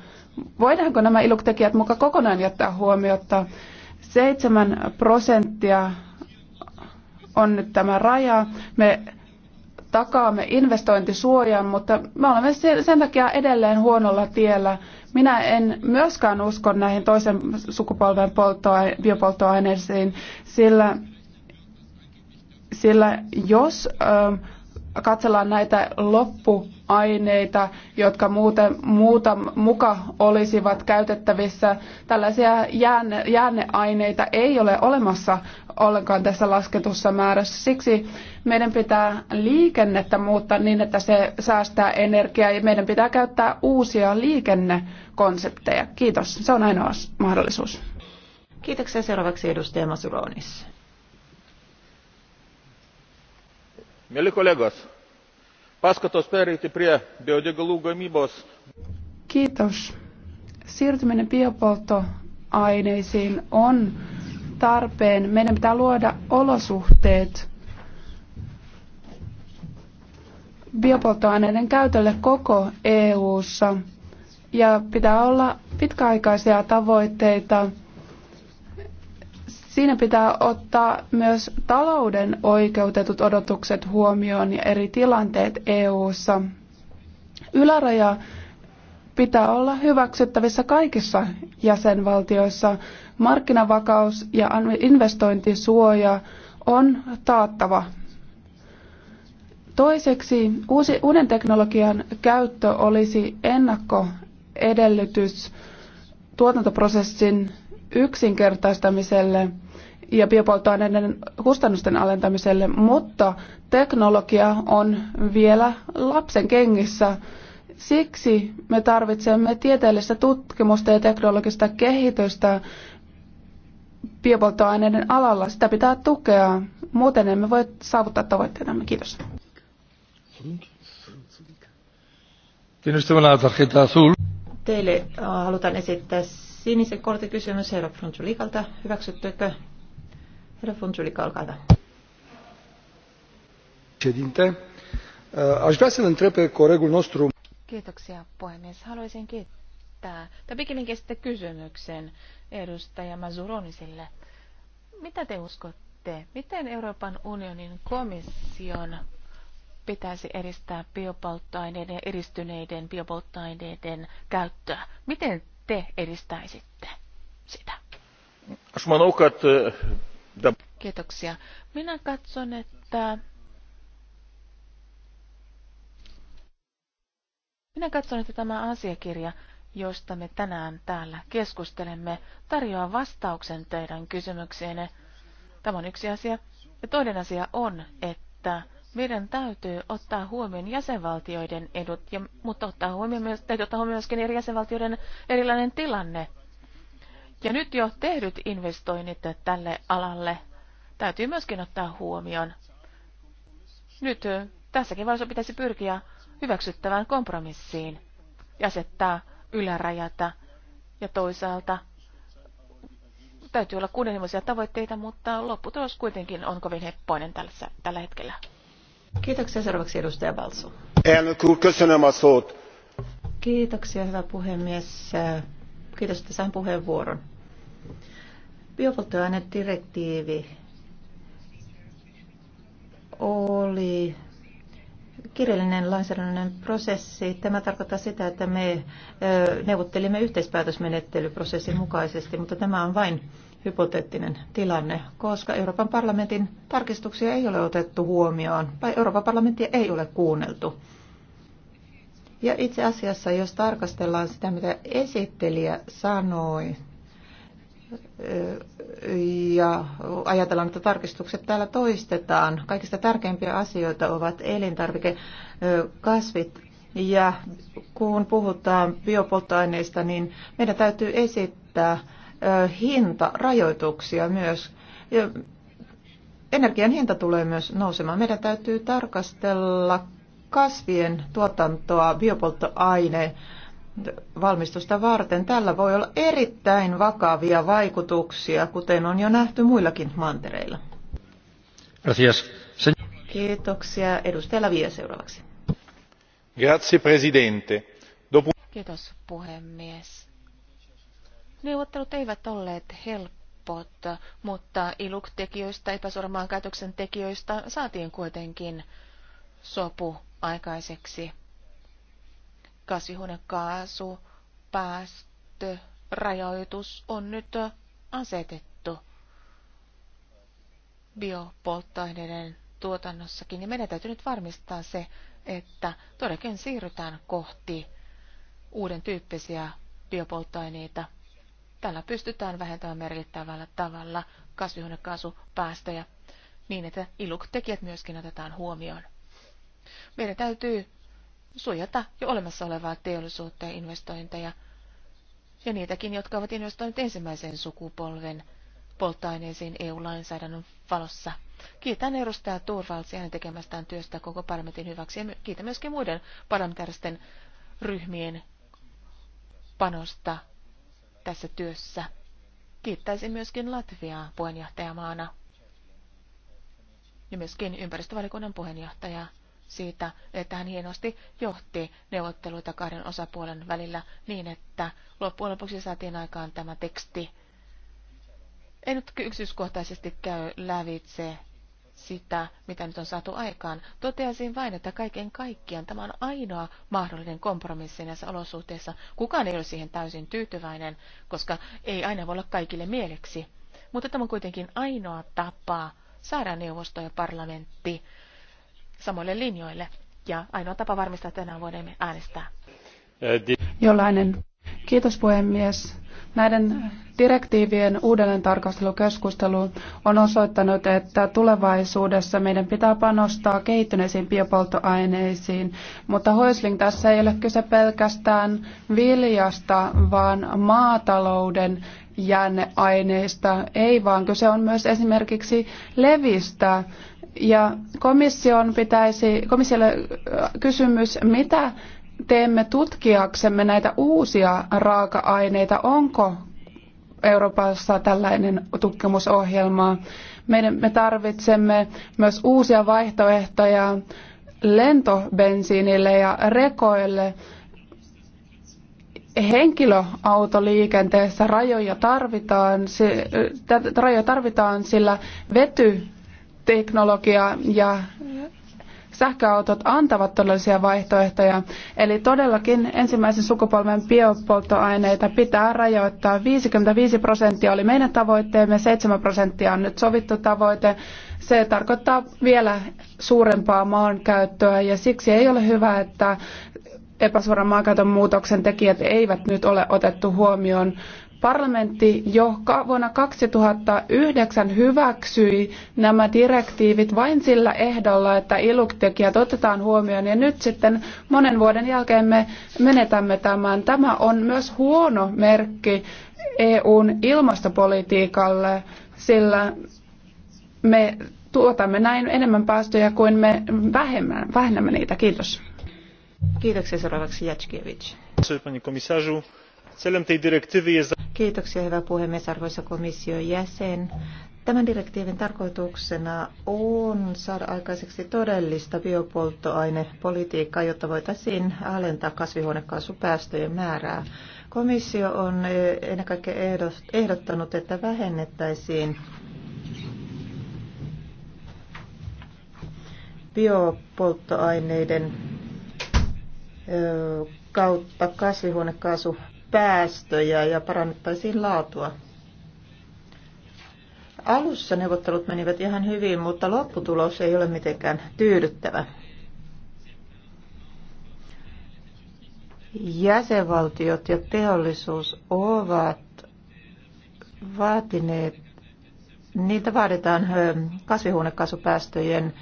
Voidaanko nämä ilutekijät mukaan kokonaan jättää huomiota? 7 prosenttia on nyt tämä raja. Me takaamme investointisuojan, mutta me olemme sen takia edelleen huonolla tiellä. Minä en myöskään usko näihin toisen sukupolven biopolttoaineisiin, sillä, sillä jos ö, katsellaan näitä loppuaineita, jotka muuten muuta muka olisivat käytettävissä, tällaisia jäänne, jäänneaineita ei ole olemassa ollenkaan tässä lasketussa määrässä. Siksi meidän pitää liikennettä muuttaa niin, että se säästää energiaa ja meidän pitää käyttää uusia liikennekonsepteja. Kiitos. Se on ainoa mahdollisuus. Kiitoksia seuraavaksi edustaja Masuronis. mieli kolegos paskatos pereiti prie biodegalų gamybos Kiitos. Siirtyminen biopolttoaineisiin on tarpeen. Meidän pitää luoda olosuhteet biopolttoaineiden käytölle koko EU:ssa ja pitää olla pitkäaikaisia tavoitteita Siinä pitää ottaa myös talouden oikeutetut odotukset huomioon ja eri tilanteet EU:ssa. Yläraja pitää olla hyväksyttävissä kaikissa jäsenvaltioissa. Markkinavakaus ja investointisuoja on taattava. Toiseksi uusi, uuden teknologian käyttö olisi ennakkoedellytys tuotantoprosessin yksinkertaistamiselle – ja biopolttoaineiden kustannusten alentamiselle, mutta teknologia on vielä lapsen kengissä. Siksi me tarvitsemme tieteellistä tutkimusta ja teknologista kehitystä biopolttoaineiden alalla. Sitä pitää tukea, muuten emme voi saavuttaa tavoitteitamme. Kiitos. Teille äh, halutaan esittää sinisen kortin kysymys herra Frunzulikalta. Hyväksyttekö? Herra Funțulică, Ședinte, uh, aș vrea să-l întreb pe colegul nostru. Kiitoksia puhemies. Haluaisin kiittää, tai pikemminkin sitten kysymyksen edustaja Mazuronisille. Mitä te uskotte, miten Euroopan unionin komission pitäisi edistää biopolttoaineiden, edistyneiden biopolttoaineiden käyttöä? Miten te edistäisitte sitä? Aš manau, kad Kiitoksia. Minä katson, että Minä katson, että tämä asiakirja, josta me tänään täällä keskustelemme, tarjoaa vastauksen teidän kysymykseenne. Tämä on yksi asia. Ja toinen asia on, että meidän täytyy ottaa huomioon jäsenvaltioiden edut, ja, mutta ottaa huomioon myös, täytyy ottaa huomioon myöskin eri jäsenvaltioiden erilainen tilanne. Ja nyt jo tehdyt investoinnit tälle alalle täytyy myöskin ottaa huomioon. Nyt tässäkin vaiheessa pitäisi pyrkiä hyväksyttävään kompromissiin ja asettaa ylärajata ja toisaalta täytyy olla kunnianhimoisia tavoitteita, mutta lopputulos kuitenkin on kovin heppoinen tällä, tällä hetkellä. Kiitoksia seuraavaksi edustaja Balsu. Kiitoksia hyvä puhemies. Kiitos, että sain puheenvuoron. Biopolttoainedirektiivi oli kirjallinen lainsäädännön prosessi. Tämä tarkoittaa sitä, että me neuvottelimme yhteispäätösmenettelyprosessin mukaisesti, mutta tämä on vain hypoteettinen tilanne, koska Euroopan parlamentin tarkistuksia ei ole otettu huomioon tai Euroopan parlamenttia ei ole kuunneltu. Ja itse asiassa, jos tarkastellaan sitä, mitä esittelijä sanoi ja ajatellaan, että tarkistukset täällä toistetaan. Kaikista tärkeimpiä asioita ovat elintarvikekasvit ja kun puhutaan biopolttoaineista, niin meidän täytyy esittää hintarajoituksia myös. Energian hinta tulee myös nousemaan. Meidän täytyy tarkastella kasvien tuotantoa biopolttoaineen valmistusta varten. Tällä voi olla erittäin vakavia vaikutuksia, kuten on jo nähty muillakin mantereilla. Gracias. Kiitoksia. Edustaja Lavia seuraavaksi. Grazie, presidente. Dopu... Kiitos, puhemies. Neuvottelut eivät olleet helppot, mutta iluktekijöistä, epäsuoramaan käytöksen tekijöistä saatiin kuitenkin sopu aikaiseksi kasvihuonekaasu, päästö, rajoitus on nyt asetettu biopolttoaineiden tuotannossakin, niin meidän täytyy nyt varmistaa se, että todellakin siirrytään kohti uuden tyyppisiä biopolttoaineita. Tällä pystytään vähentämään merkittävällä tavalla kasvihuonekaasupäästöjä niin, että iluk-tekijät myöskin otetaan huomioon. Meidän täytyy suojata jo olemassa olevaa teollisuutta ja investointeja, ja niitäkin, jotka ovat investoineet ensimmäiseen sukupolven polttoaineisiin EU-lainsäädännön valossa. Kiitän edustaja Turvaltsia hänen tekemästään työstä koko parlamentin hyväksi ja kiitän myöskin muiden parlamentaaristen ryhmien panosta tässä työssä. Kiittäisin myöskin Latviaa puheenjohtajamaana ja myöskin ympäristövaliokunnan puheenjohtajaa siitä, että hän hienosti johti neuvotteluita kahden osapuolen välillä niin, että loppujen lopuksi saatiin aikaan tämä teksti. En nyt yksityiskohtaisesti käy lävitse sitä, mitä nyt on saatu aikaan. Toteaisin vain, että kaiken kaikkiaan tämä on ainoa mahdollinen kompromissi näissä olosuhteissa. Kukaan ei ole siihen täysin tyytyväinen, koska ei aina voi olla kaikille mieleksi. Mutta tämä on kuitenkin ainoa tapa saada neuvosto ja parlamentti samoille linjoille. Ja ainoa tapa varmistaa, että tänään voimme äänestää. Jollainen. Kiitos puhemies. Näiden direktiivien uudelleen tarkastelukeskustelu on osoittanut, että tulevaisuudessa meidän pitää panostaa kehittyneisiin biopolttoaineisiin, mutta Hoisling tässä ei ole kyse pelkästään viljasta, vaan maatalouden jänneaineista, ei vaan kyse on myös esimerkiksi levistä, ja komission pitäisi, komissiolle kysymys, mitä teemme tutkiaksemme näitä uusia raaka-aineita? Onko Euroopassa tällainen tutkimusohjelma? Meidän, me tarvitsemme myös uusia vaihtoehtoja lentobensiinille ja rekoille. Henkilöautoliikenteessä rajoja tarvitaan, rajoja tarvitaan sillä vety teknologia ja sähköautot antavat todellisia vaihtoehtoja. Eli todellakin ensimmäisen sukupolven biopolttoaineita pitää rajoittaa. 55 prosenttia oli meidän tavoitteemme, 7 prosenttia on nyt sovittu tavoite. Se tarkoittaa vielä suurempaa maankäyttöä ja siksi ei ole hyvä, että epäsuoran maankäytön muutoksen tekijät eivät nyt ole otettu huomioon. Parlamentti jo vuonna 2009 hyväksyi nämä direktiivit vain sillä ehdolla, että iluktekijät otetaan huomioon ja nyt sitten monen vuoden jälkeen me menetämme tämän. Tämä on myös huono merkki EUn ilmastopolitiikalle, sillä me tuotamme näin enemmän päästöjä kuin me vähemmän, vähennämme niitä. Kiitos. Kiitoksia seuraavaksi Jatskiewicz. Panie komisarzu, Kiitoksia, hyvä puhemies, arvoisa komission jäsen. Tämän direktiivin tarkoituksena on saada aikaiseksi todellista biopolttoainepolitiikkaa, jotta voitaisiin alentaa kasvihuonekaasupäästöjen määrää. Komissio on e, ennen kaikkea ehdottanut, että vähennettäisiin biopolttoaineiden e, kautta kasvihuonekaasupäästöjä päästöjä ja parannettaisiin laatua. Alussa neuvottelut menivät ihan hyvin, mutta lopputulos ei ole mitenkään tyydyttävä. Jäsenvaltiot ja teollisuus ovat vaatineet, niitä vaaditaan kasvihuonekaasupäästöjen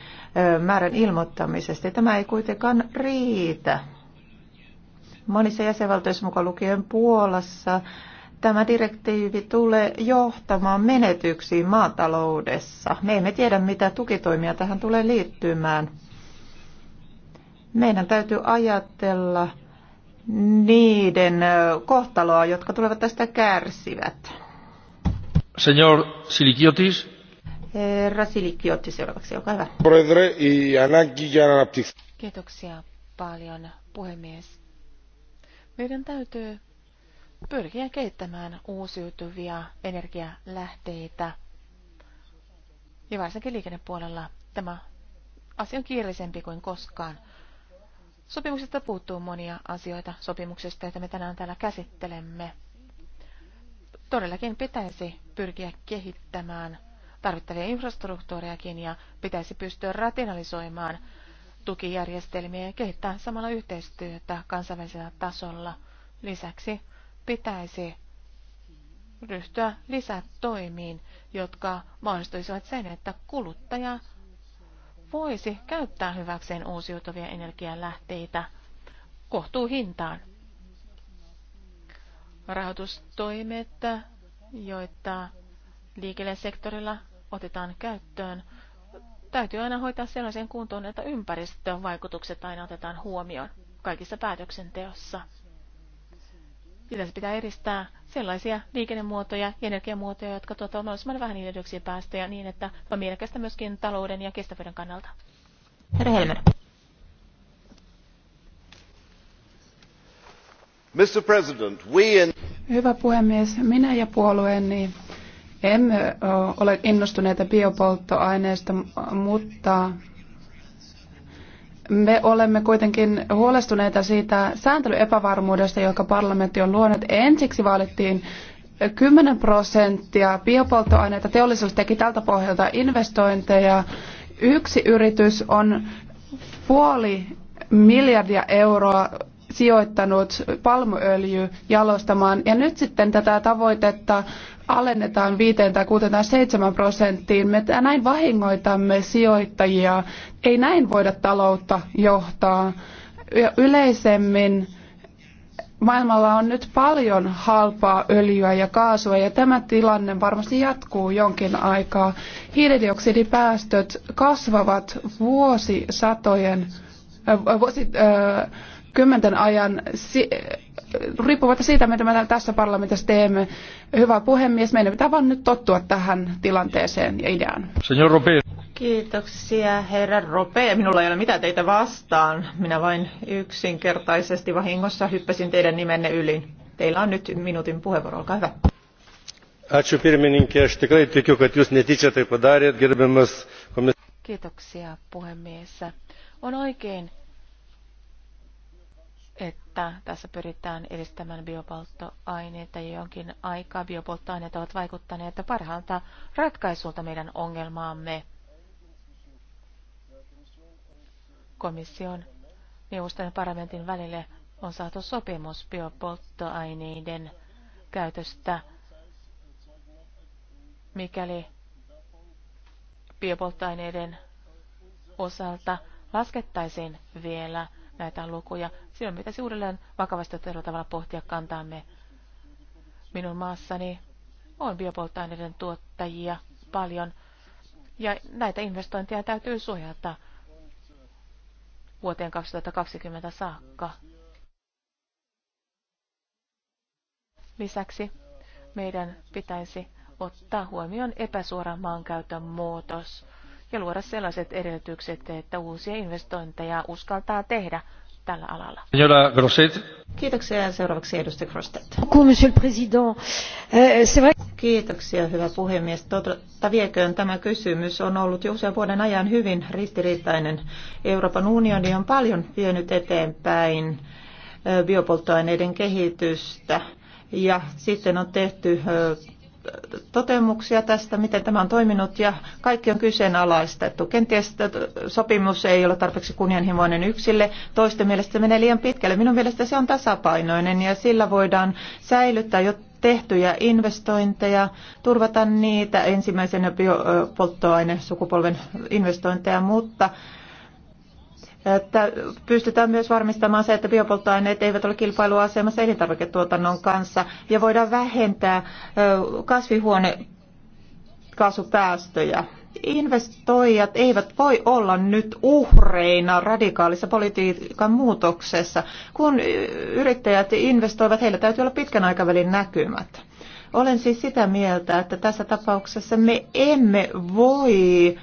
määrän ilmoittamisesta. Tämä ei kuitenkaan riitä. Monissa jäsenvaltioissa mukaan lukien Puolassa tämä direktiivi tulee johtamaan menetyksiin maataloudessa. Me emme tiedä, mitä tukitoimia tähän tulee liittymään. Meidän täytyy ajatella niiden kohtaloa, jotka tulevat tästä kärsivät. Señor Silikiotis. Herra Silikiotis seuraavaksi, olkaa hyvä. No Kiitoksia paljon, puhemies meidän täytyy pyrkiä kehittämään uusiutuvia energialähteitä. Ja varsinkin liikennepuolella tämä asia on kiireisempi kuin koskaan. Sopimuksesta puuttuu monia asioita sopimuksesta, joita me tänään täällä käsittelemme. Todellakin pitäisi pyrkiä kehittämään tarvittavia infrastruktuurejakin ja pitäisi pystyä rationalisoimaan tukijärjestelmiä ja kehittää samalla yhteistyötä kansainvälisellä tasolla. Lisäksi pitäisi ryhtyä lisätoimiin, jotka mahdollistuisivat sen, että kuluttaja voisi käyttää hyväkseen uusiutuvia energialähteitä kohtuuhintaan. Rahoitustoimet, joita sektorilla otetaan käyttöön, täytyy aina hoitaa sellaisen kuntoon, että ympäristön vaikutukset aina otetaan huomioon kaikissa päätöksenteossa. Pitäisi pitää eristää sellaisia liikennemuotoja ja energiamuotoja, jotka tuottavat mahdollisimman vähän hiilidioksidipäästöjä niin, että on mielekästä myöskin talouden ja kestävyyden kannalta. Herra Helmer. Mr. President, we in... Hyvä puhemies, minä ja puolueeni emme ole innostuneita biopolttoaineista, mutta me olemme kuitenkin huolestuneita siitä sääntelyepävarmuudesta, joka parlamentti on luonut. Ensiksi valittiin 10 prosenttia biopolttoaineita. Teollisuus teki tältä pohjalta investointeja. Yksi yritys on puoli miljardia euroa sijoittanut palmuöljy jalostamaan. Ja nyt sitten tätä tavoitetta alennetaan 5 tai 6 tai 7 prosenttiin. Me näin vahingoitamme sijoittajia. Ei näin voida taloutta johtaa. Yleisemmin maailmalla on nyt paljon halpaa öljyä ja kaasua ja tämä tilanne varmasti jatkuu jonkin aikaa. Hiilidioksidipäästöt kasvavat vuosisatojen, äh, vuosikymmenten äh, ajan riippumatta siitä, mitä me tässä parlamentissa teemme. Hyvä puhemies, meidän pitää vaan nyt tottua tähän tilanteeseen ja ideaan. Senor Rope. Kiitoksia, herra Rope. Minulla ei ole mitään teitä vastaan. Minä vain yksinkertaisesti vahingossa hyppäsin teidän nimenne yli. Teillä on nyt minuutin puheenvuoro, olkaa hyvä. Ačiū pirmininkė, aš tikrai tikiu, kad jūs netyčia tai padarėt, gerbiamas komisaris. Kiitoksia, puhemies. On oikein, että tässä pyritään edistämään biopolttoaineita ja jonkin aikaa biopolttoaineet ovat vaikuttaneet parhaalta ratkaisulta meidän ongelmaamme. Komission neuvoston ja parlamentin välille on saatu sopimus biopolttoaineiden käytöstä, mikäli biopolttoaineiden osalta laskettaisiin vielä – näitä lukuja. Silloin pitäisi uudelleen vakavasti tällä tavalla pohtia kantaamme. Minun maassani on biopolttoaineiden tuottajia paljon, ja näitä investointeja täytyy suojata vuoteen 2020 saakka. Lisäksi meidän pitäisi ottaa huomioon epäsuora maankäytön muutos ja luoda sellaiset edellytykset, että uusia investointeja uskaltaa tehdä tällä alalla. Kiitoksia ja seuraavaksi edustaja Grostet. Euh, Kiitoksia hyvä puhemies. Totta vieköön tämä kysymys on ollut jo usean vuoden ajan hyvin ristiriitainen. Euroopan unioni on paljon vienyt eteenpäin biopolttoaineiden kehitystä ja sitten on tehty totemuksia tästä, miten tämä on toiminut ja kaikki on kyseenalaistettu. Kenties sopimus ei ole tarpeeksi kunnianhimoinen yksille, toisten mielestä se menee liian pitkälle. Minun mielestä se on tasapainoinen ja sillä voidaan säilyttää jo tehtyjä investointeja, turvata niitä ensimmäisenä polttoaine sukupolven investointeja, mutta että pystytään myös varmistamaan se, että biopolttoaineet eivät ole kilpailuasemassa elintarviketuotannon kanssa ja voidaan vähentää kasvihuonekaasupäästöjä. Investoijat eivät voi olla nyt uhreina radikaalissa politiikan muutoksessa. Kun yrittäjät investoivat, heillä täytyy olla pitkän aikavälin näkymät. Olen siis sitä mieltä, että tässä tapauksessa me emme voi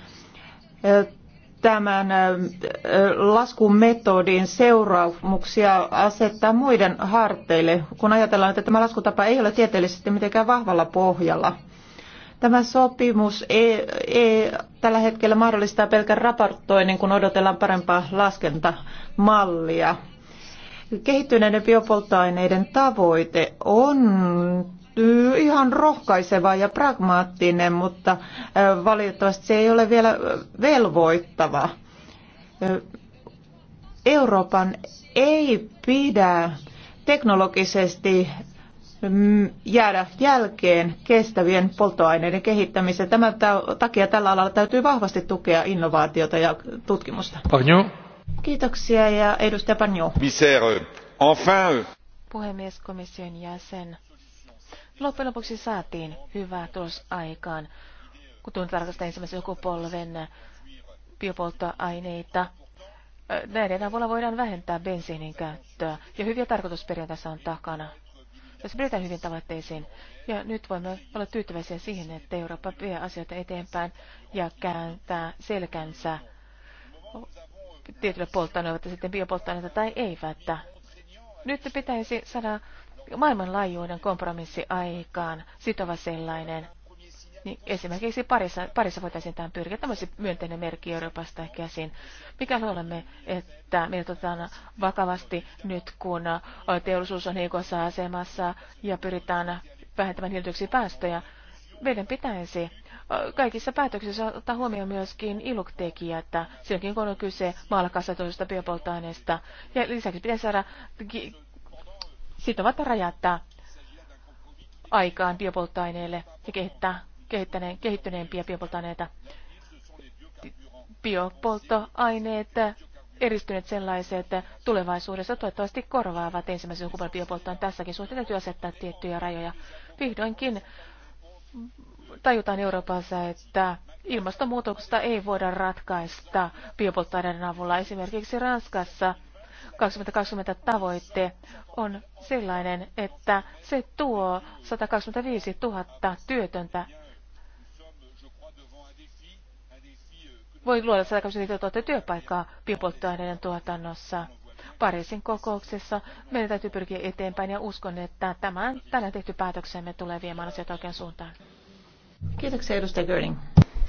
tämän laskumetodin seuraamuksia asettaa muiden harteille, kun ajatellaan, että tämä laskutapa ei ole tieteellisesti mitenkään vahvalla pohjalla. Tämä sopimus ei, ei tällä hetkellä mahdollistaa pelkän raportoinnin, kun odotellaan parempaa laskentamallia. Kehittyneiden biopolttoaineiden tavoite on Äh, ihan rohkaiseva ja pragmaattinen, mutta äh, valitettavasti se ei ole vielä äh, velvoittava. Euroopan ei pidä teknologisesti mm, jäädä jälkeen kestävien polttoaineiden kehittämiseen. Tämän takia tällä alalla täytyy vahvasti tukea innovaatiota ja tutkimusta. Pagnon. Kiitoksia ja edustaja Pagnon. Euh, euh. Puhemies komission jäsen Loppujen lopuksi saatiin hyvää tulos aikaan, kun tuun tarkastaa ensimmäisen sukupolven biopolttoaineita. Näiden avulla voidaan vähentää bensiinin käyttöä, ja hyviä tarkoitusperiä tässä on takana. Tässä pidetään hyvin tavoitteisiin, ja nyt voimme olla tyytyväisiä siihen, että Eurooppa vie asioita eteenpäin ja kääntää selkänsä tietylle polttoaineelle, sitten biopolttoaineita tai eivät. Nyt pitäisi saada maailmanlaajuinen kompromissi aikaan, sitova sellainen. Niin esimerkiksi parissa, parissa voitaisiin tähän pyrkiä. Tämä olisi myönteinen merkki Euroopasta käsin. Mikä luulemme, että me otetaan vakavasti nyt, kun teollisuus on heikossa asemassa ja pyritään vähentämään hiilidioksidin päästöjä, meidän pitäisi kaikissa päätöksissä ottaa huomioon myöskin iluktekijät, silloinkin kun on kyse maalakasvatuksesta, biopoltaineista. Ja lisäksi pitäisi saada sitovat rajattaa aikaan biopolttoaineille ja kehittää kehittäneen, kehittyneempiä biopolttoaineita. Biopolttoaineet, eristyneet sellaiset, tulevaisuudessa toivottavasti korvaavat ensimmäisen sukupolven biopolttoaineen. Tässäkin suhteen täytyy asettaa tiettyjä rajoja. Vihdoinkin tajutaan Euroopassa, että ilmastonmuutoksesta ei voida ratkaista biopolttoaineiden avulla. Esimerkiksi Ranskassa – 2020 tavoitte on sellainen, että se tuo 125 000 työtöntä. Voi luoda 125 000 työpaikkaa biopolttoaineiden tuotannossa. Pariisin kokouksessa meidän täytyy pyrkiä eteenpäin ja uskon, että tämän tänään tehty päätöksemme tulee viemään asiat oikean suuntaan. Kiitoksia edustaja Göring.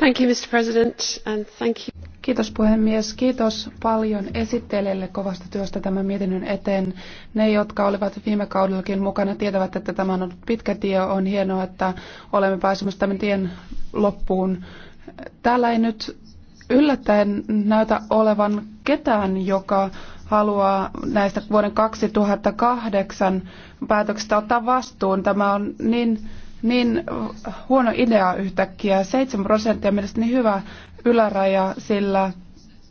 Mr. President, and thank you. Kiitos puhemies. Kiitos paljon esittelijälle kovasta työstä tämän mietinnön eteen. Ne, jotka olivat viime kaudellakin mukana, tietävät, että tämä on ollut pitkä tie. On hienoa, että olemme pääsemässä tämän tien loppuun. Täällä ei nyt yllättäen näytä olevan ketään, joka haluaa näistä vuoden 2008 päätöksistä ottaa vastuun. Tämä on niin niin huono idea yhtäkkiä. 7 prosenttia mielestäni hyvä yläraja, sillä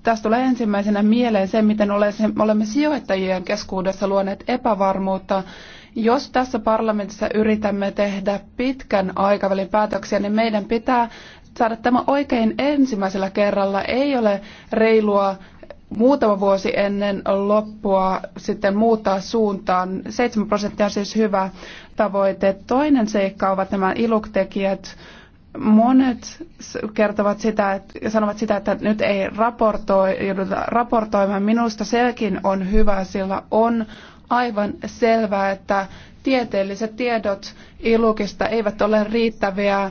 tästä tulee ensimmäisenä mieleen se, miten olemme sijoittajien keskuudessa luoneet epävarmuutta. Jos tässä parlamentissa yritämme tehdä pitkän aikavälin päätöksiä, niin meidän pitää saada tämä oikein ensimmäisellä kerralla. Ei ole reilua muutama vuosi ennen loppua sitten muuttaa suuntaan. 7 prosenttia on siis hyvä tavoite. Toinen seikka ovat nämä iluktekijät. Monet kertovat sitä, että, sanovat sitä, että nyt ei raportoi, raportoimaan. Minusta sekin on hyvä, sillä on aivan selvää, että tieteelliset tiedot ilukista eivät ole riittäviä.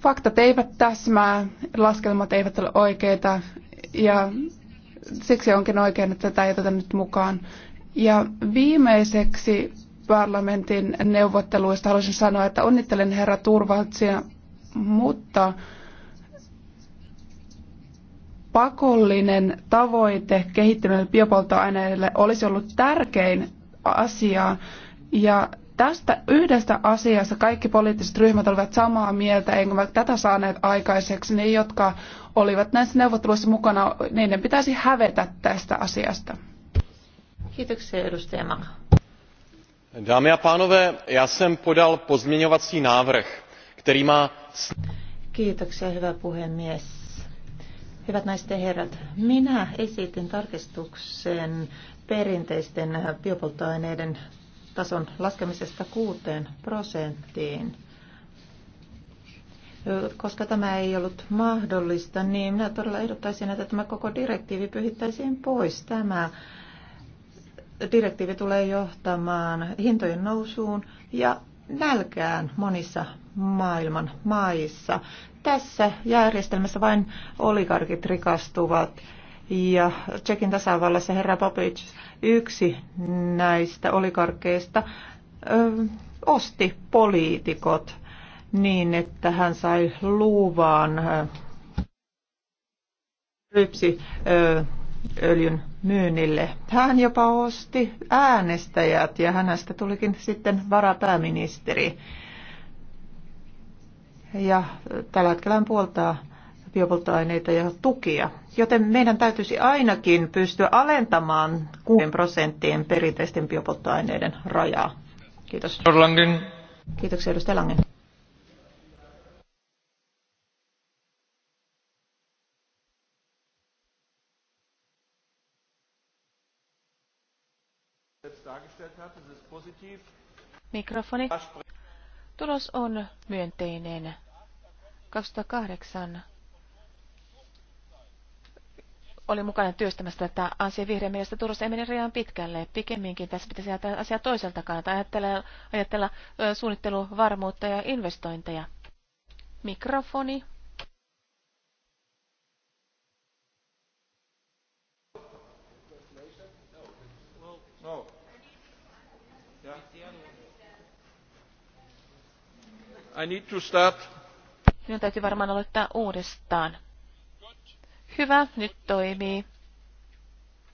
Faktat eivät täsmää, laskelmat eivät ole oikeita ja siksi onkin oikein, että tätä ei oteta nyt mukaan. Ja viimeiseksi parlamentin neuvotteluista haluaisin sanoa, että onnittelen herra Turvaltsia, mutta pakollinen tavoite kehittämällä biopolttoaineille olisi ollut tärkein asia. Ja tästä yhdestä asiasta kaikki poliittiset ryhmät olivat samaa mieltä, enkä me tätä saaneet aikaiseksi. Ne, jotka olivat näissä neuvotteluissa mukana, niiden pitäisi hävetä tästä asiasta. Kiitoksia edustaja Maka dámy a pánové já jsem podal pozměňovací návrh který má. hyvä puhemies hyvät naiset ja herrat minä esitin tarkistuksen perinteisten biopolttoaineiden tason laskemisesta kuuteen prosenttiin. Koska tämä ei ollut mahdollista, niin minä todella ehdottaisin, että tämä koko direktiivi pyhittäisiin pois. Tämä direktiivi tulee johtamaan hintojen nousuun ja nälkään monissa maailman maissa. Tässä järjestelmässä vain oligarkit rikastuvat. Ja Tsekin tasavallassa herra Popic, yksi näistä oligarkkeista, ö, osti poliitikot niin, että hän sai luvan rypsi ö, öljyn myynnille. Hän jopa osti äänestäjät ja hänestä tulikin sitten varapääministeri. Ja äh, tällä hetkellä hän puoltaa biopolttoaineita ja tukia. Joten meidän täytyisi ainakin pystyä alentamaan 6 prosenttien perinteisten biopolttoaineiden rajaa. Kiitos. Langen. Kiitoksia edustaja Langen. jetzt dargestellt hat. Das ist positiv. Mikrofoni. Tulos on myönteinen. 2008 oli mukana työstämässä tätä asiaa vihreän mielestä Turussa ei mene pitkälle. Pikemminkin tässä pitäisi ajatella asiaa toiselta kannalta, ajatella, ajatella suunnitteluvarmuutta ja investointeja. Mikrofoni. I need to start. Minun täytyy varmaan aloittaa uudestaan. Hyvä, nyt toimii.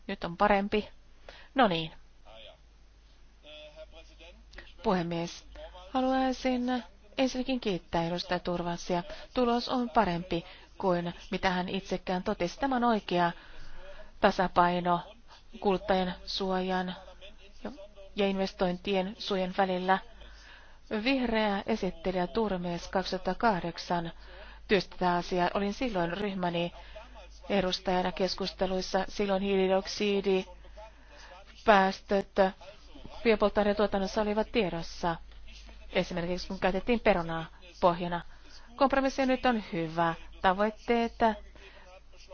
Nyt on parempi. No niin. Puhemies, haluaisin ensinnäkin kiittää edustaja Turvansia. Tulos on parempi kuin mitä hän itsekään totesi. Tämä on oikea tasapaino kuluttajan suojan ja investointien suojan välillä. Vihreä esittelijä Turmees 2008 työsti asiaa. Olin silloin ryhmäni edustajana keskusteluissa. Silloin hiilidioksidi, päästöt, biopolttoaineen tuotannossa olivat tiedossa. Esimerkiksi kun käytettiin perunaa pohjana. Kompromissi nyt on hyvä. Tavoitteet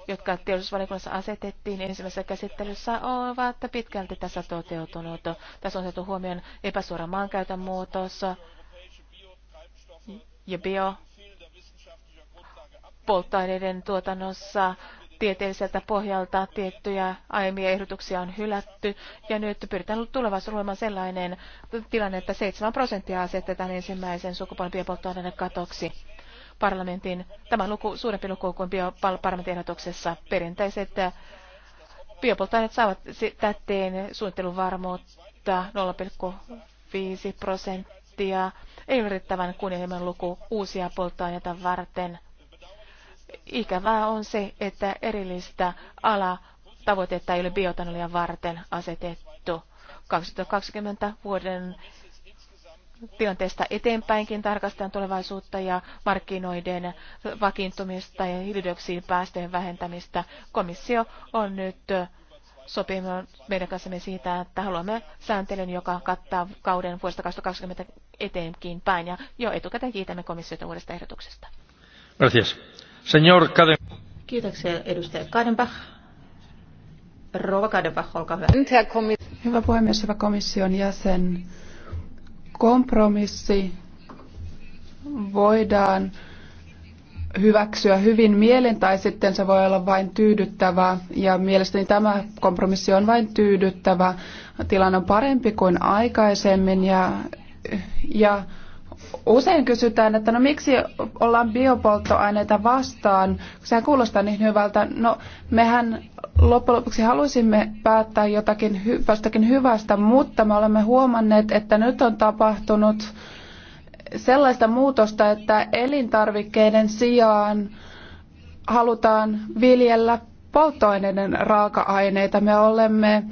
jotka teollisuusvaliokunnassa asetettiin ensimmäisessä käsittelyssä, ovat pitkälti tässä toteutunut. Tässä on otettu huomioon epäsuora maankäytön muutos ja bio polttoaineiden tuotannossa tieteelliseltä pohjalta tiettyjä aiemmia ehdotuksia on hylätty, ja nyt pyritään tulevaisuudessa olemaan sellainen tilanne, että 7 prosenttia asetetaan ensimmäisen sukupolven biopolttoaineiden katoksi parlamentin, tämä luku suurempi luku kuin bioparlamentin ehdotuksessa. Perinteiset äh, biopolttoaineet saavat täteen suunnitteluvarmuutta 0,5 prosenttia. Ei ole riittävän kunnianhimoinen luku uusia polttoaineita varten. Ikävää on se, että erillistä ala tavoitetta ei ole biotanolia varten asetettu. 2020 vuoden tilanteesta eteenpäinkin tarkastetaan tulevaisuutta ja markkinoiden vakiintumista ja hiilidioksidipäästöjen vähentämistä. Komissio on nyt sopimaan meidän kanssamme siitä, että haluamme sääntelyn, joka kattaa kauden vuodesta 2020 eteenkin päin. Ja jo etukäteen kiitämme komissiota uudesta ehdotuksesta. Gracias. Señor Kiitoksia edustaja Kadenbach. Rova Kadenbach, olkaa hyvä. Hyvä puhemies, hyvä komission jäsen. Kompromissi voidaan hyväksyä hyvin mielen tai sitten se voi olla vain tyydyttävä ja mielestäni tämä kompromissi on vain tyydyttävä. Tilanne on parempi kuin aikaisemmin ja, ja Usein kysytään, että no miksi ollaan biopolttoaineita vastaan, sehän kuulostaa niin hyvältä. No mehän loppujen lopuksi halusimme päättää jotakin hy- jostakin hyvästä, mutta me olemme huomanneet, että nyt on tapahtunut sellaista muutosta, että elintarvikkeiden sijaan halutaan viljellä polttoaineiden raaka-aineita. Me olemme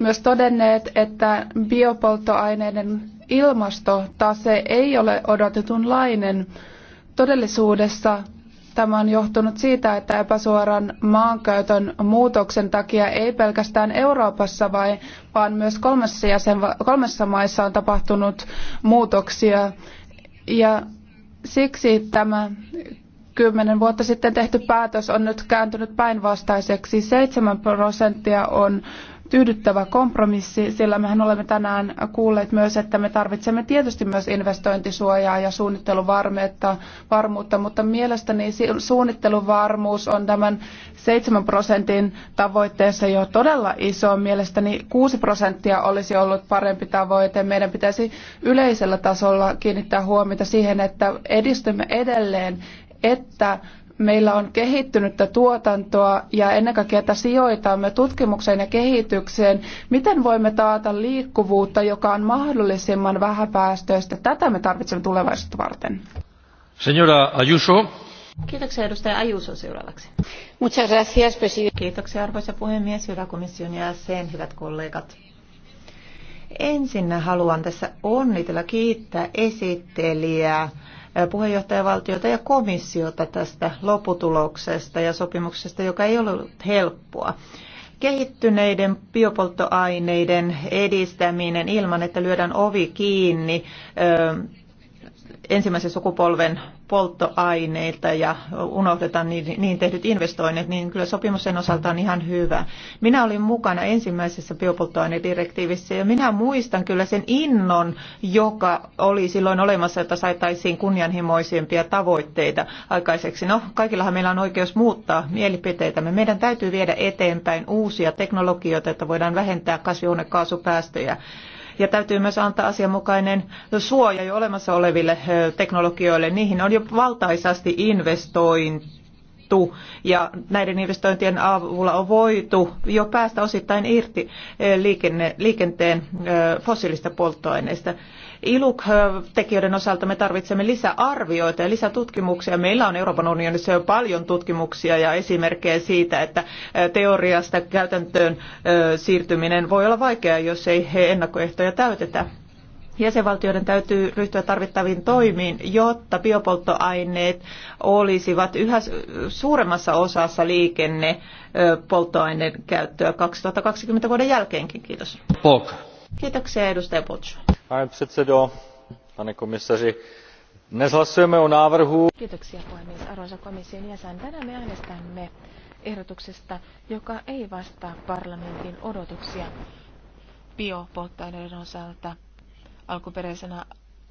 myös todenneet, että biopolttoaineiden ilmastotase ei ole odotetunlainen. Todellisuudessa tämä on johtunut siitä, että epäsuoran maankäytön muutoksen takia ei pelkästään Euroopassa, vai, vaan myös kolmessa, maassa kolmessa maissa on tapahtunut muutoksia. Ja siksi tämä kymmenen vuotta sitten tehty päätös on nyt kääntynyt päinvastaiseksi. Seitsemän prosenttia on tyydyttävä kompromissi, sillä mehän olemme tänään kuulleet myös, että me tarvitsemme tietysti myös investointisuojaa ja suunnitteluvarmuutta, mutta mielestäni suunnitteluvarmuus on tämän 7 prosentin tavoitteessa jo todella iso. Mielestäni 6 prosenttia olisi ollut parempi tavoite. Meidän pitäisi yleisellä tasolla kiinnittää huomiota siihen, että edistymme edelleen että meillä on kehittynyttä tuotantoa ja ennen kaikkea, että sijoitamme tutkimukseen ja kehitykseen, miten voimme taata liikkuvuutta, joka on mahdollisimman vähäpäästöistä. Tätä me tarvitsemme tulevaisuutta varten. Senora Ayuso. Kiitoksia edustaja Ayuso seuraavaksi. Muchas gracias, presidente. Kiitoksia arvoisa puhemies, hyvä komission jäsen, hyvät kollegat. Ensin haluan tässä onnitella kiittää esittelijää puheenjohtajavaltiota ja komissiota tästä lopputuloksesta ja sopimuksesta, joka ei ollut helppoa kehittyneiden biopolttoaineiden edistäminen ilman, että lyödään ovi kiinni ensimmäisen sukupolven polttoaineilta ja unohdetaan niin, niin tehdyt investoinnit, niin kyllä sopimus sen osalta on ihan hyvä. Minä olin mukana ensimmäisessä biopolttoainedirektiivissä ja minä muistan kyllä sen innon, joka oli silloin olemassa, että saataisiin kunnianhimoisempia tavoitteita aikaiseksi. No, kaikillahan meillä on oikeus muuttaa mielipiteitämme. Meidän täytyy viedä eteenpäin uusia teknologioita, että voidaan vähentää kasvihuonekaasupäästöjä ja täytyy myös antaa asianmukainen suoja jo olemassa oleville teknologioille. Niihin on jo valtaisasti investointu ja näiden investointien avulla on voitu jo päästä osittain irti liikenteen fossiilista polttoaineista. ILUK-tekijöiden osalta me tarvitsemme lisäarvioita ja lisätutkimuksia. Meillä on Euroopan unionissa jo paljon tutkimuksia ja esimerkkejä siitä, että teoriasta käytäntöön siirtyminen voi olla vaikeaa, jos ei he ennakkoehtoja täytetä. Jäsenvaltioiden täytyy ryhtyä tarvittaviin toimiin, jotta biopolttoaineet olisivat yhä suuremmassa osassa liikenne polttoaineen käyttöä 2020 vuoden jälkeenkin. Kiitos. Kiitoksia edustaja Potsu. Pane předsedo, pane komissaari, dnes hlasujeme o návrhu. Kiitoksia puhemies. Arvoisa komission jäsen, tänään me äänestämme ehdotuksesta, joka ei vastaa parlamentin odotuksia biopolttoaineiden osalta alkuperäisenä,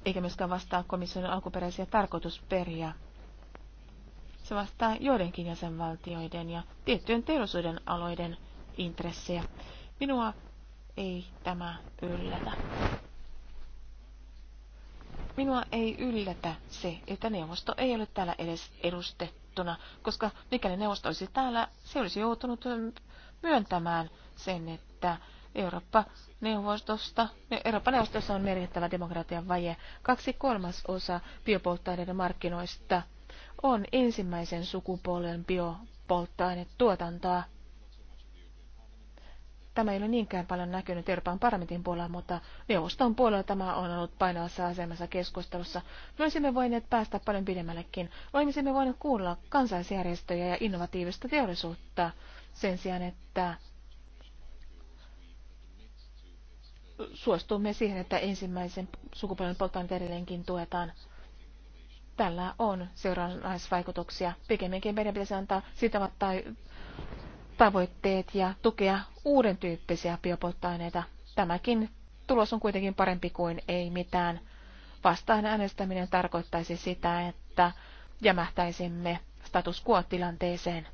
eikä myöskään vastaa komission alkuperäisiä tarkoitusperiä. Se vastaa joidenkin jäsenvaltioiden ja tiettyjen teollisuuden aloiden intressejä. Minua ei tämä yllätä. Minua ei yllätä se, että neuvosto ei ole täällä edes edustettuna, koska mikäli neuvosto olisi täällä, se olisi joutunut myöntämään sen, että Eurooppa-neuvostosta, Eurooppa-neuvostossa on merkittävä demokratian vaje. Kaksi kolmasosa biopolttoaineiden markkinoista on ensimmäisen sukupolven biopolttoainetuotantoa. tuotantoa Tämä ei ole niinkään paljon näkynyt Euroopan parlamentin puolella, mutta neuvoston puolella tämä on ollut painavassa asemassa keskustelussa. Me olisimme voineet päästä paljon pidemmällekin. Olisimme voineet kuulla kansaisjärjestöjä ja innovatiivista teollisuutta sen sijaan, että suostumme siihen, että ensimmäisen sukupolven polttoaineet edelleenkin tuetaan. Tällä on seuraavaisvaikutuksia. Pikemminkin meidän pitäisi antaa sitovat tai tavoitteet ja tukea uuden tyyppisiä biopolttoaineita. Tämäkin tulos on kuitenkin parempi kuin ei mitään. Vastaan äänestäminen tarkoittaisi sitä, että jämähtäisimme status quo-tilanteeseen.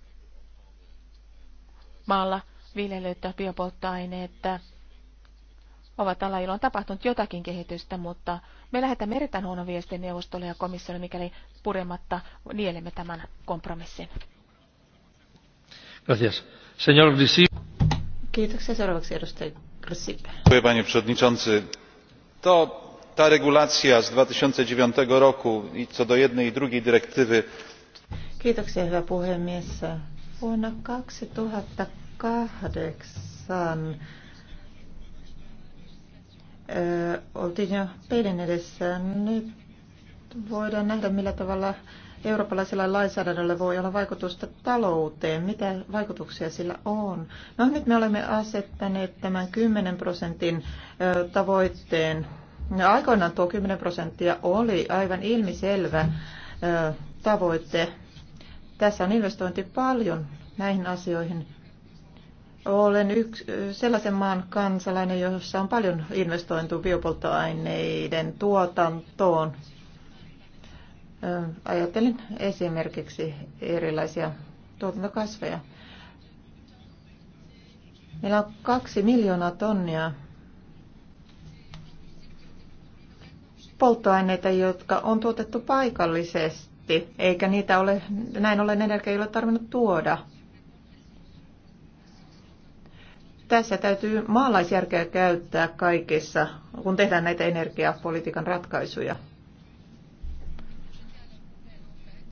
Maalla viljelyt ja biopolttoaineet ovat alailon tapahtunut jotakin kehitystä, mutta me lähetämme erittäin huono viestin neuvostolle ja komissiolle, mikäli purematta nielemme tämän kompromissin. Panie przewodniczący! ta regulacja z dwa tysiące dziewięć roku co do jednej i drugiej dyrektywy oltiin edessä. Nyt nähdä, millä tavalla eurooppalaisella lainsäädännöllä voi olla vaikutusta talouteen? Mitä vaikutuksia sillä on? No nyt me olemme asettaneet tämän 10 prosentin tavoitteen. Aikoinaan tuo 10 prosenttia oli aivan ilmiselvä tavoite. Tässä on investointi paljon näihin asioihin. Olen yksi, sellaisen maan kansalainen, jossa on paljon investointu biopolttoaineiden tuotantoon Ajattelin esimerkiksi erilaisia tuotantokasveja. Meillä on kaksi miljoonaa tonnia polttoaineita, jotka on tuotettu paikallisesti, eikä niitä ole, näin ollen energia ei ole tarvinnut tuoda. Tässä täytyy maalaisjärkeä käyttää kaikessa, kun tehdään näitä energiapolitiikan ratkaisuja.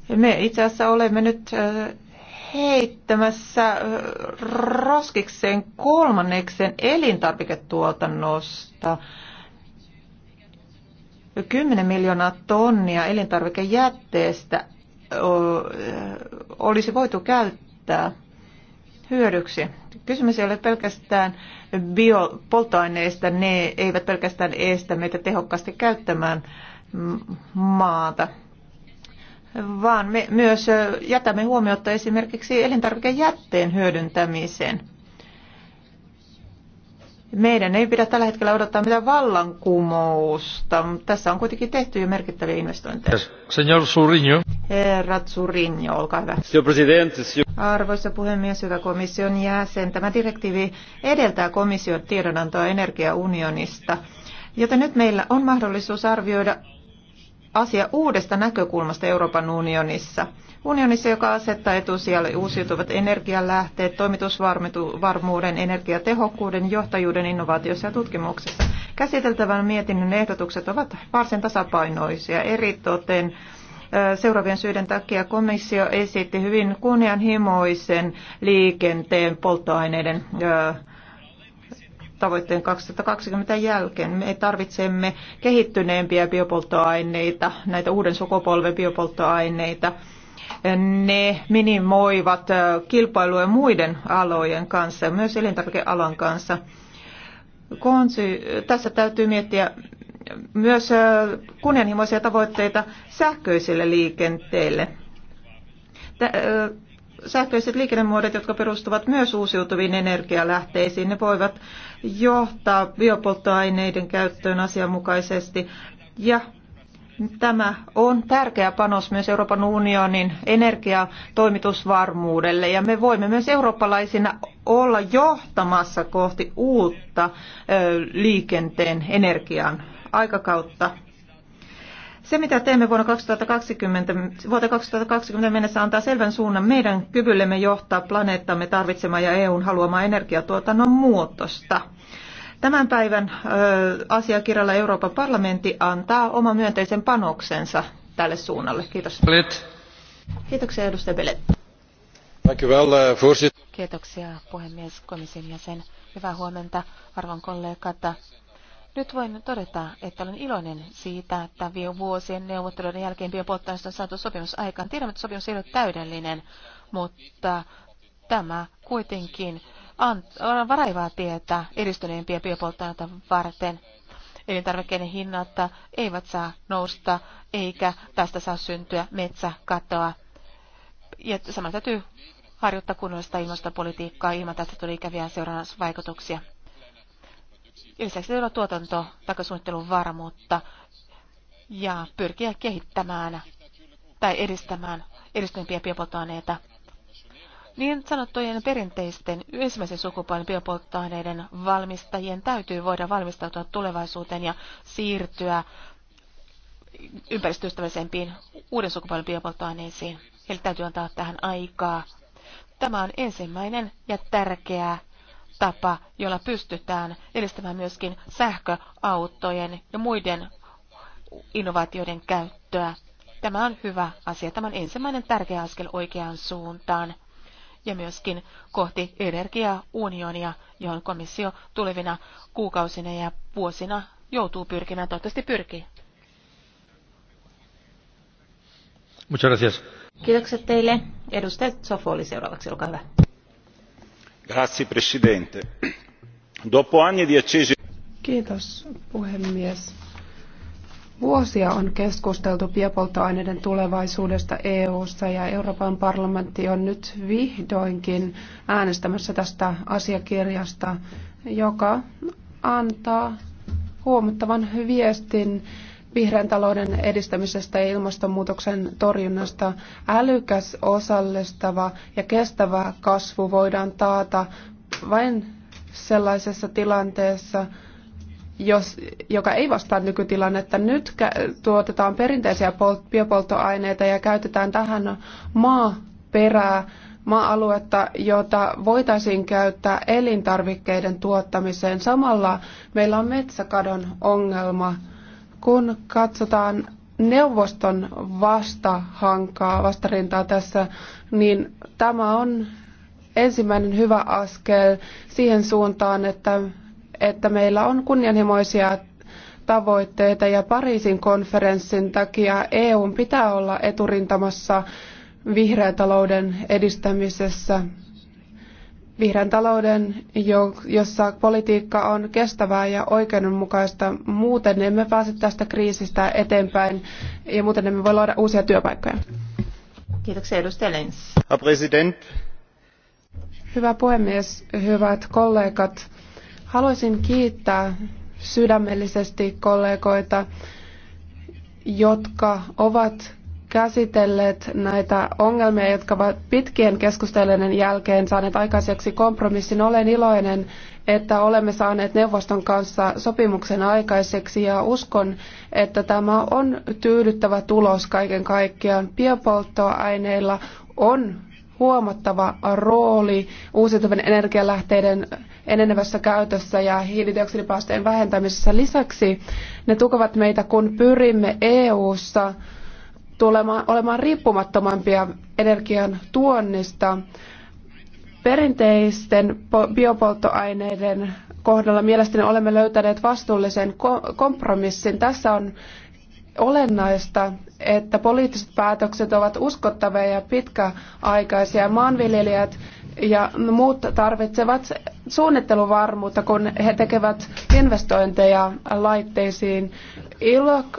Me itse asiassa olemme nyt heittämässä roskikseen kolmanneksen elintarviketuotannosta. 10 miljoonaa tonnia elintarvikejätteestä olisi voitu käyttää hyödyksi. Kysymys ei ole pelkästään biopolttoaineista, ne eivät pelkästään estä meitä tehokkaasti käyttämään maata vaan me myös jätämme huomiota esimerkiksi elintarvikejätteen hyödyntämiseen. Meidän ei pidä tällä hetkellä odottaa mitään vallankumousta. Tässä on kuitenkin tehty jo merkittäviä investointeja. Señor Surinho. Herra Surinho, olkaa hyvä. Señor presidente, señor... Arvoisa puhemies, hyvä komission jäsen. Tämä direktiivi edeltää komission tiedonantoa energiaunionista. Joten nyt meillä on mahdollisuus arvioida asia uudesta näkökulmasta Euroopan unionissa. Unionissa, joka asettaa etusijalle uusiutuvat energialähteet, toimitusvarmuuden, energiatehokkuuden, johtajuuden innovaatiossa ja tutkimuksessa. Käsiteltävän mietinnön ehdotukset ovat varsin tasapainoisia. Eritoten seuraavien syiden takia komissio esitti hyvin kunnianhimoisen liikenteen polttoaineiden tavoitteen 2020 jälkeen. Me tarvitsemme kehittyneempiä biopolttoaineita, näitä uuden sukupolven biopolttoaineita. Ne minimoivat kilpailua muiden alojen kanssa, myös elintarvikealan kanssa. Konsy, tässä täytyy miettiä myös kunnianhimoisia tavoitteita sähköiselle liikenteelle. Sähköiset liikennemuodot, jotka perustuvat myös uusiutuviin energialähteisiin, ne voivat johtaa biopolttoaineiden käyttöön asianmukaisesti ja Tämä on tärkeä panos myös Euroopan unionin energiatoimitusvarmuudelle ja me voimme myös eurooppalaisina olla johtamassa kohti uutta liikenteen energian aikakautta. Se, mitä teemme vuonna 2020, vuoteen 2020 mennessä, antaa selvän suunnan meidän kyvyllemme johtaa planeettamme tarvitsemaa ja EUn haluamaa energiatuotannon muutosta. Tämän päivän ö, asiakirjalla Euroopan parlamentti antaa oma myönteisen panoksensa tälle suunnalle. Kiitos. Blit. Kiitoksia edustaja Belet. Uh, Kiitoksia puhemies komission jäsen. Hyvää huomenta arvon kollegat. Nyt voin todeta, että olen iloinen siitä, että vielä vuosien neuvotteluiden jälkeen biopolttoaineista on saatu sopimus aikaan. Tiedämme, että sopimus ei ole täydellinen, mutta tämä kuitenkin on varaivaa tietä edistyneempiä biopolttoaineita varten. Elintarvikkeiden hinnat eivät saa nousta, eikä tästä saa syntyä metsäkatoa. Ja samalla täytyy harjoittaa kunnollista ilmastopolitiikkaa ilman tästä tuli ikäviä seurannusvaikutuksia. vaikutuksia. Lisäksi täytyy olla tuotanto- takasuunnittelun varmuutta ja pyrkiä kehittämään tai edistämään edistyneempiä biopolttoaineita. Niin sanottujen perinteisten ensimmäisen sukupolven biopolttoaineiden valmistajien täytyy voida valmistautua tulevaisuuteen ja siirtyä ympäristöystävällisempiin uuden sukupolven biopolttoaineisiin. Eli täytyy antaa tähän aikaa. Tämä on ensimmäinen ja tärkeä tapa, jolla pystytään edistämään myöskin sähköautojen ja muiden innovaatioiden käyttöä. Tämä on hyvä asia. Tämä on ensimmäinen tärkeä askel oikeaan suuntaan ja myöskin kohti energiaunionia, johon komissio tulevina kuukausina ja vuosina joutuu pyrkimään. Toivottavasti pyrkii. Muchas gracias. Kiitokset teille. Edustaja Sofoli seuraavaksi, olkaa hyvä presidente. Dopo anni di Kiitos, Vuosia on keskusteltu biopolttoaineiden tulevaisuudesta EU:ssa ja Euroopan parlamentti on nyt vihdoinkin äänestämässä tästä asiakirjasta, joka antaa huomattavan viestin vihreän talouden edistämisestä ja ilmastonmuutoksen torjunnasta. Älykäs, osallistava ja kestävä kasvu voidaan taata vain sellaisessa tilanteessa, jos, joka ei vastaa nykytilannetta. Nyt tuotetaan perinteisiä biopolttoaineita ja käytetään tähän maaperää, maa-aluetta, jota voitaisiin käyttää elintarvikkeiden tuottamiseen. Samalla meillä on metsäkadon ongelma kun katsotaan neuvoston vastahankaa, vastarintaa tässä, niin tämä on ensimmäinen hyvä askel siihen suuntaan, että, että meillä on kunnianhimoisia tavoitteita ja Pariisin konferenssin takia EUn pitää olla eturintamassa vihreän talouden edistämisessä vihreän talouden, jossa politiikka on kestävää ja oikeudenmukaista. Muuten emme pääse tästä kriisistä eteenpäin ja muuten emme voi luoda uusia työpaikkoja. Kiitoksia edustaja Lenz. Hyvä puhemies, hyvät kollegat. Haluaisin kiittää sydämellisesti kollegoita, jotka ovat käsitelleet näitä ongelmia, jotka ovat pitkien keskustelujen jälkeen saaneet aikaiseksi kompromissin. Olen iloinen, että olemme saaneet neuvoston kanssa sopimuksen aikaiseksi ja uskon, että tämä on tyydyttävä tulos kaiken kaikkiaan. Biopolttoaineilla on huomattava rooli uusiutuvien energialähteiden enenevässä käytössä ja hiilidioksidipäästöjen vähentämisessä. Lisäksi ne tukevat meitä, kun pyrimme EU-ssa tulemaan, olemaan riippumattomampia energian tuonnista. Perinteisten biopolttoaineiden kohdalla mielestäni olemme löytäneet vastuullisen kompromissin. Tässä on olennaista, että poliittiset päätökset ovat uskottavia ja pitkäaikaisia. Maanviljelijät ja muut tarvitsevat suunnitteluvarmuutta, kun he tekevät investointeja laitteisiin. ILOC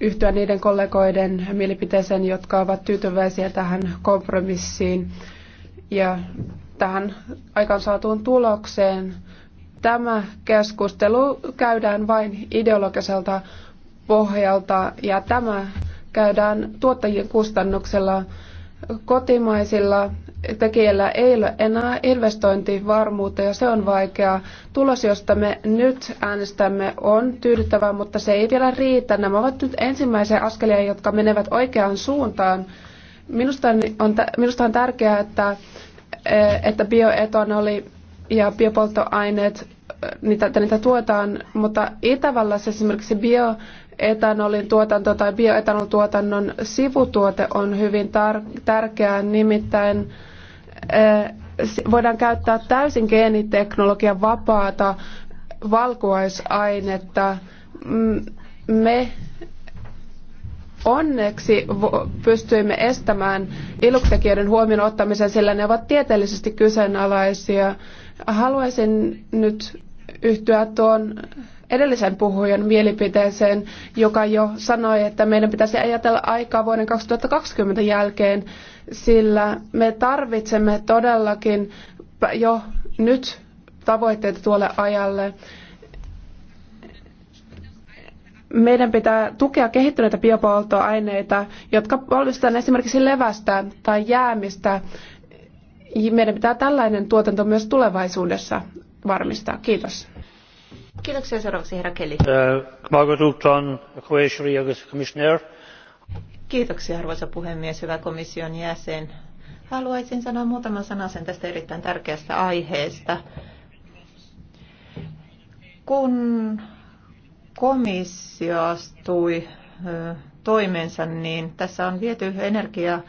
yhtyä niiden kollegoiden mielipiteeseen, jotka ovat tyytyväisiä tähän kompromissiin ja tähän aikaansaatuun tulokseen. Tämä keskustelu käydään vain ideologiselta pohjalta ja tämä käydään tuottajien kustannuksella kotimaisilla tekijöillä ei ole enää investointivarmuutta ja se on vaikeaa. Tulos, josta me nyt äänestämme, on tyydyttävä, mutta se ei vielä riitä. Nämä ovat nyt ensimmäisiä askelia, jotka menevät oikeaan suuntaan. Minusta on, minusta on tärkeää, että, e, että bioetanoli ja biopolttoaineet, e, niitä, että niitä tuotaan, mutta Itävallassa esimerkiksi bio etanolin tuotanto tai bioetanolituotannon sivutuote on hyvin tar- tärkeää, nimittäin voidaan käyttää täysin geeniteknologian vapaata valkuaisainetta. Me onneksi pystyimme estämään iluktekijöiden huomioon ottamisen, sillä ne ovat tieteellisesti kyseenalaisia. Haluaisin nyt yhtyä tuon edellisen puhujan mielipiteeseen, joka jo sanoi, että meidän pitäisi ajatella aikaa vuoden 2020 jälkeen, sillä me tarvitsemme todellakin jo nyt tavoitteita tuolle ajalle. Meidän pitää tukea kehittyneitä biopolttoaineita, jotka valmistetaan esimerkiksi levästä tai jäämistä. Meidän pitää tällainen tuotanto myös tulevaisuudessa varmistaa. Kiitos. Kiitoksia seuraavaksi herra Kelly. Äh, Kiitoksia arvoisa puhemies, hyvä komission jäsen. Haluaisin sanoa muutaman sanasen tästä erittäin tärkeästä aiheesta. Kun komissio astui toimensa, niin tässä on viety energiaa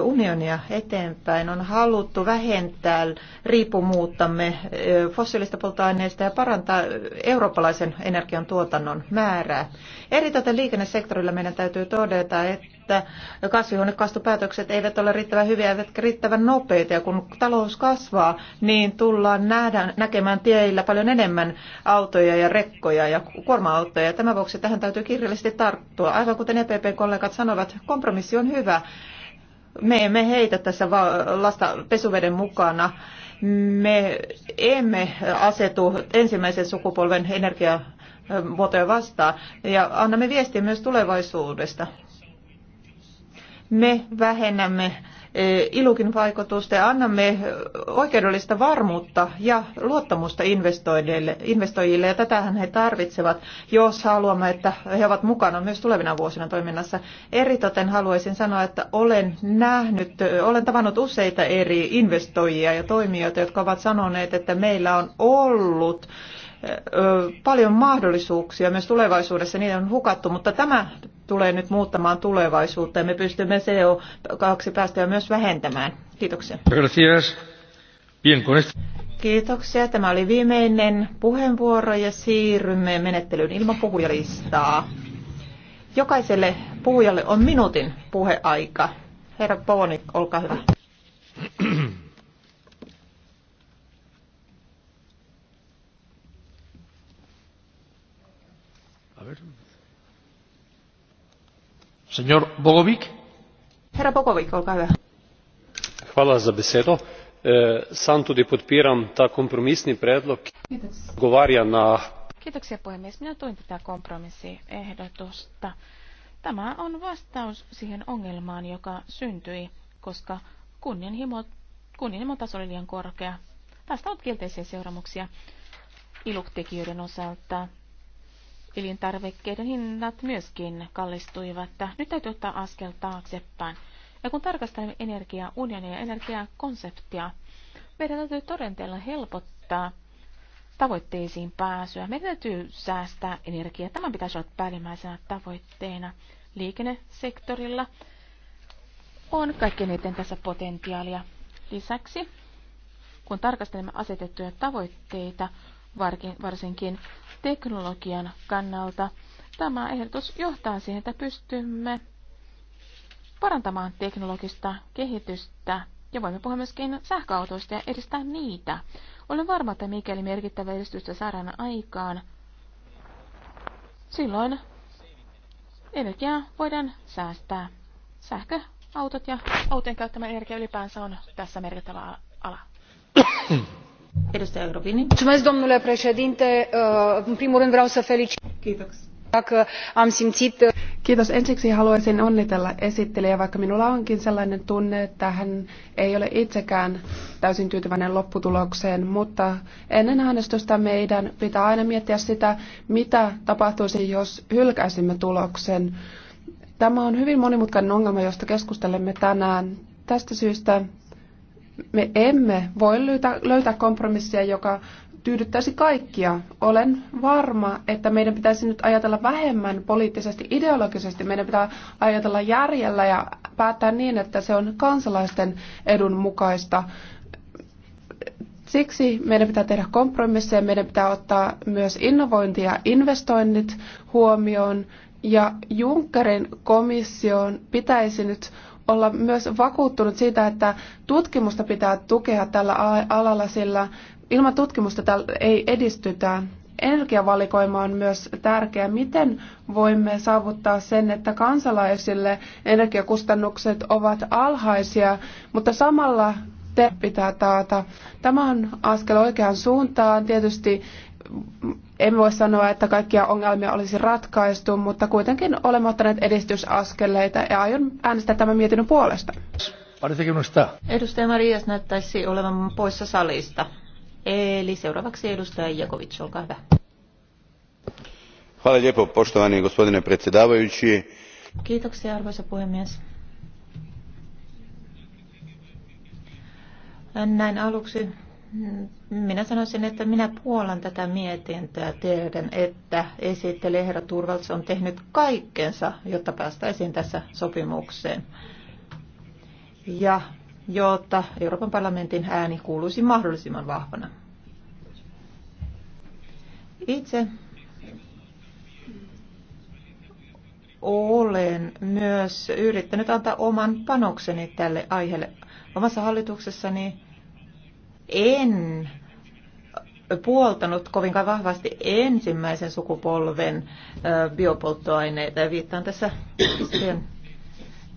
unionia eteenpäin. On haluttu vähentää riippumuuttamme fossiilista polttoaineista ja parantaa eurooppalaisen energian tuotannon määrää. Eritoten liikennesektorilla meidän täytyy todeta, että kasvihuonekaastupäätökset eivät ole riittävän hyviä eivätkä riittävän nopeita. Ja kun talous kasvaa, niin tullaan nähdä, näkemään tieillä paljon enemmän autoja ja rekkoja ja kuorma-autoja. Tämän vuoksi tähän täytyy kirjallisesti tarttua. Aivan kuten EPP-kollegat sanovat, kompromissi on hyvä. Me emme heitä tässä lasta pesuveden mukana. Me emme asetu ensimmäisen sukupolven energiamuotoja vastaan ja annamme viestiä myös tulevaisuudesta. Me vähennämme ilukin vaikutusta ja annamme oikeudellista varmuutta ja luottamusta investoijille, investoijille ja tätähän he tarvitsevat, jos haluamme, että he ovat mukana myös tulevina vuosina toiminnassa. Eritoten haluaisin sanoa, että olen nähnyt, olen tavannut useita eri investoijia ja toimijoita, jotka ovat sanoneet, että meillä on ollut paljon mahdollisuuksia myös tulevaisuudessa, niitä on hukattu, mutta tämä tulee nyt muuttamaan tulevaisuutta ja me pystymme CO2-päästöjä myös vähentämään. Kiitoksia. Kiitoksia. Tämä oli viimeinen puheenvuoro ja siirrymme menettelyyn ilman puhujalistaa. Jokaiselle puhujalle on minuutin puheaika. Herra Pooni, olkaa hyvä. *clears throat* Senor Bogovic. Herra Bogovic, olkaa hyvä. Hvala za besedo. E, sam tudi podpiram ta kompromisni predlog, odgovarja na... Kiitoksia puhemies. Minä tuin tätä kompromissiehdotusta. Tämä on vastaus siihen ongelmaan, joka syntyi, koska kunnianhimo, kunnianhimotaso oli liian korkea. Tästä on kielteisiä seuraamuksia iluktekijöiden osalta elintarvikkeiden hinnat myöskin kallistuivat. Nyt täytyy ottaa askel taaksepäin. Ja kun tarkastelemme energiaunionia ja energiakonseptia, meidän täytyy todenteella helpottaa tavoitteisiin pääsyä. Meidän täytyy säästää energiaa. Tämä pitäisi olla päällimmäisenä tavoitteena liikennesektorilla. On kaikkein eniten tässä potentiaalia. Lisäksi, kun tarkastelemme asetettuja tavoitteita, varsinkin teknologian kannalta. Tämä ehdotus johtaa siihen, että pystymme parantamaan teknologista kehitystä ja voimme puhua myöskin sähköautoista ja edistää niitä. Olen varma, että mikäli merkittävä edistystä saadaan aikaan, silloin energiaa voidaan säästää. Sähköautot ja autojen käyttämä energia ylipäänsä on tässä merkittävä ala. *coughs* domnule președinte uh, în primul rând vreau să felicit că am simțit. Uh, Kiitos. Ensiksi haluaisin onnitella esittelijä, vaikka minulla onkin sellainen tunne, että hän ei ole itsekään täysin tyytyväinen lopputulokseen, mutta ennen äänestystä meidän pitää aina miettiä sitä, mitä tapahtuisi, jos hylkäisimme tuloksen. Tämä on hyvin monimutkainen ongelma, josta keskustelemme tänään. Tästä syystä me emme voi löytää, löytää kompromissia, joka tyydyttäisi kaikkia. Olen varma, että meidän pitäisi nyt ajatella vähemmän poliittisesti, ideologisesti. Meidän pitää ajatella järjellä ja päättää niin, että se on kansalaisten edun mukaista. Siksi meidän pitää tehdä kompromisseja, meidän pitää ottaa myös innovointi ja investoinnit huomioon. Ja Junckerin komission pitäisi nyt olla myös vakuuttunut siitä, että tutkimusta pitää tukea tällä alalla, sillä ilman tutkimusta ei edistytä. Energiavalikoima on myös tärkeä. Miten voimme saavuttaa sen, että kansalaisille energiakustannukset ovat alhaisia, mutta samalla te pitää taata. Tämä on askel oikeaan suuntaan. Tietysti emme voi sanoa, että kaikkia ongelmia olisi ratkaistu, mutta kuitenkin olemme ottaneet edistysaskeleita ja aion äänestää tämän mietinnön puolesta. Edustaja Marias näyttäisi olevan poissa salista. Eli seuraavaksi edustaja Jakovic, olkaa hyvä. Hvala lijepo, poštovani gospodine predsjedavajući. Kiitoksia, arvoisa puhemies. Näin aluksi minä sanoisin, että minä puolan tätä mietintöä. Tiedän, että esittelijä herra Turvalts on tehnyt kaikkensa, jotta päästäisiin tässä sopimukseen. Ja jotta Euroopan parlamentin ääni kuuluisi mahdollisimman vahvana. Itse olen myös yrittänyt antaa oman panokseni tälle aiheelle. Omassa hallituksessani en puoltanut kovinkaan vahvasti ensimmäisen sukupolven biopolttoaineita ja viittaan tässä siihen,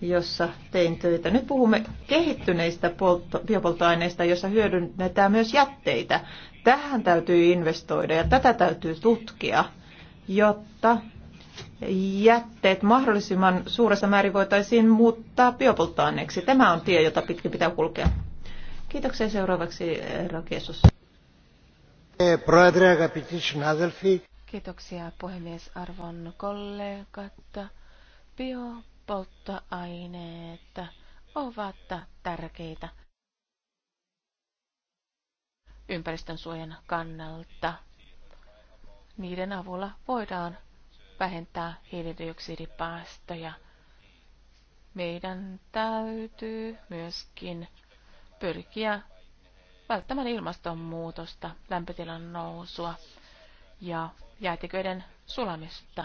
jossa tein töitä. Nyt puhumme kehittyneistä poltto- biopolttoaineista, joissa hyödynnetään myös jätteitä. Tähän täytyy investoida ja tätä täytyy tutkia, jotta jätteet mahdollisimman suuressa määrin voitaisiin muuttaa biopolttoaineeksi. Tämä on tie, jota pitkin pitää kulkea. Kiitoksia seuraavaksi herra eh, Kesus. Eh, Kiitoksia puhemies arvon kollegat. Biopolttoaineet ovat tärkeitä ympäristön suojan kannalta. Niiden avulla voidaan vähentää hiilidioksidipäästöjä. Meidän täytyy myöskin pyrkiä välttämään ilmastonmuutosta, lämpötilan nousua ja jäätiköiden sulamista.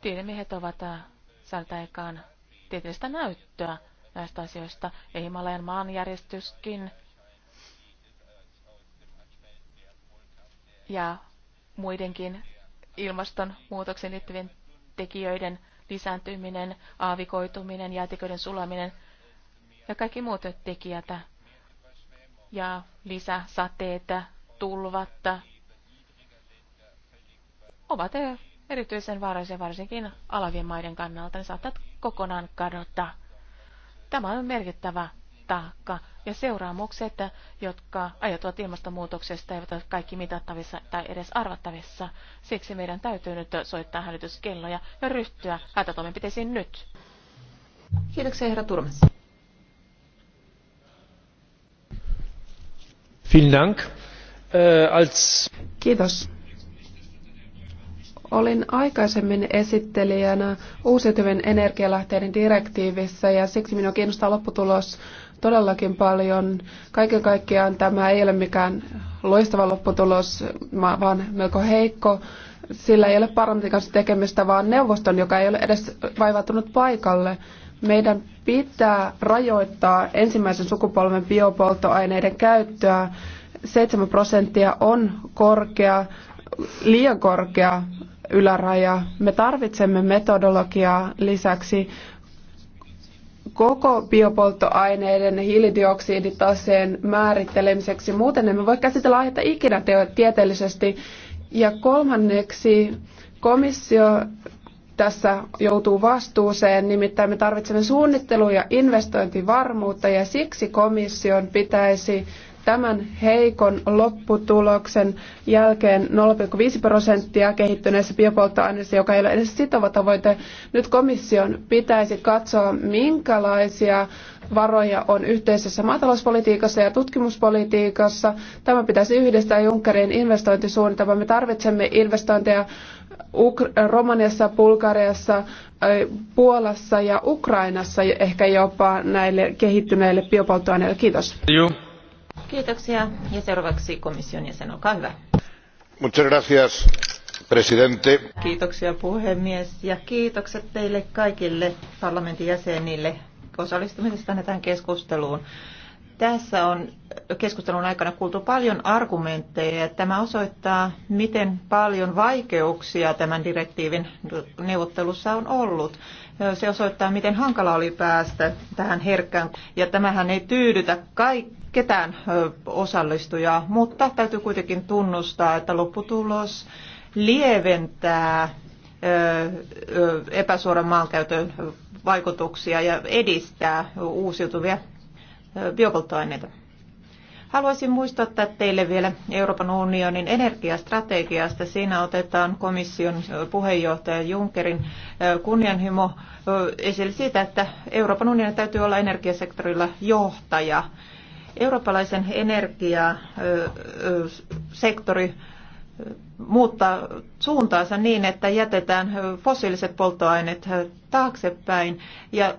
Tiedemiehet ovat äh, sältä aikaan tieteellistä näyttöä näistä asioista. ei Himalajan maanjärjestyskin ja muidenkin ilmastonmuutoksen liittyvien tekijöiden lisääntyminen, aavikoituminen, jäätiköiden sulaminen – ja kaikki muut tekijät ja lisäsateet, tulvat ovat erityisen vaarallisia varsinkin alavien maiden kannalta. Ne saattavat kokonaan kadota. Tämä on merkittävä taakka ja seuraamukset, jotka ajatuvat ilmastonmuutoksesta, eivät ole kaikki mitattavissa tai edes arvattavissa. Siksi meidän täytyy nyt soittaa hälytyskelloja ja ryhtyä hätätoimenpiteisiin nyt. Kiitoksia herra Turmes. Äh, Kiitos. Olin aikaisemmin esittelijänä uusiutuvien energialähteiden direktiivissä ja siksi minua kiinnostaa lopputulos todellakin paljon. Kaiken kaikkiaan tämä ei ole mikään loistava lopputulos, vaan melko heikko. Sillä ei ole parlamentin kanssa tekemistä, vaan neuvoston, joka ei ole edes vaivautunut paikalle. Meidän pitää rajoittaa ensimmäisen sukupolven biopolttoaineiden käyttöä. 7 prosenttia on korkea, liian korkea yläraja. Me tarvitsemme metodologiaa lisäksi koko biopolttoaineiden hiilidioksiditaseen määrittelemiseksi. Muuten emme voi käsitellä aihetta ikinä tieteellisesti. Ja kolmanneksi komissio tässä joutuu vastuuseen, nimittäin me tarvitsemme suunnittelu- ja investointivarmuutta ja siksi komission pitäisi tämän heikon lopputuloksen jälkeen 0,5 prosenttia kehittyneessä biopolttoaineessa, joka ei ole edes sitova tavoite. Nyt komission pitäisi katsoa, minkälaisia varoja on yhteisessä maatalouspolitiikassa ja tutkimuspolitiikassa. Tämä pitäisi yhdistää Junckerin investointisuunnitelmaan. Me tarvitsemme investointeja Romaniassa, Bulgariassa, Puolassa ja Ukrainassa ehkä jopa näille kehittyneille biopolttoaineille. Kiitos. Kiitoksia. Ja seuraavaksi komission jäsen, olkaa hyvä. Muchas gracias, presidente. Kiitoksia puhemies ja kiitokset teille kaikille parlamentin jäsenille osallistumisesta tähän keskusteluun. Tässä on keskustelun aikana kuultu paljon argumentteja tämä osoittaa, miten paljon vaikeuksia tämän direktiivin neuvottelussa on ollut. Se osoittaa, miten hankala oli päästä tähän herkkään ja tämähän ei tyydytä kaikkia ketään osallistujaa, mutta täytyy kuitenkin tunnustaa, että lopputulos lieventää epäsuoran maankäytön vaikutuksia ja edistää uusiutuvia biopolttoaineita. Haluaisin muistuttaa teille vielä Euroopan unionin energiastrategiasta. Siinä otetaan komission puheenjohtaja Junckerin kunnianhimo esille siitä, että Euroopan unionin täytyy olla energiasektorilla johtaja. Eurooppalaisen energiasektori muuttaa suuntaansa niin, että jätetään fossiiliset polttoaineet taaksepäin ja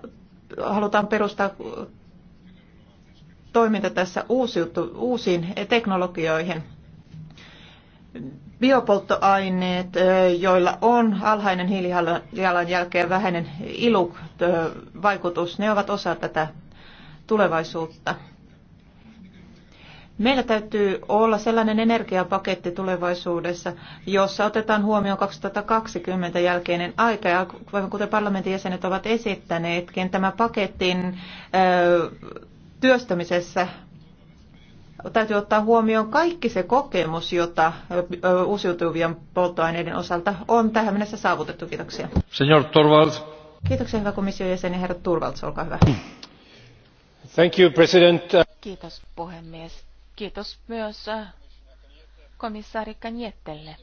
halutaan perustaa toiminta tässä uusiutu, uusiin teknologioihin. Biopolttoaineet, joilla on alhainen hiilijalan ja vähäinen ILUK-vaikutus, ne ovat osa tätä tulevaisuutta. Meillä täytyy olla sellainen energiapaketti tulevaisuudessa, jossa otetaan huomioon 2020 jälkeinen aika. Ja kuten parlamentin jäsenet ovat esittäneetkin, tämä paketin työstämisessä täytyy ottaa huomioon kaikki se kokemus, jota uusiutuvien polttoaineiden osalta on tähän mennessä saavutettu. Kiitoksia. Senior Torvalds. Kiitoksia hyvä komission jäsen ja herra Torvalds, olkaa hyvä. Thank you, President. Kiitos puhemies. Kiitos myös äh, komissaari Kanjettelle.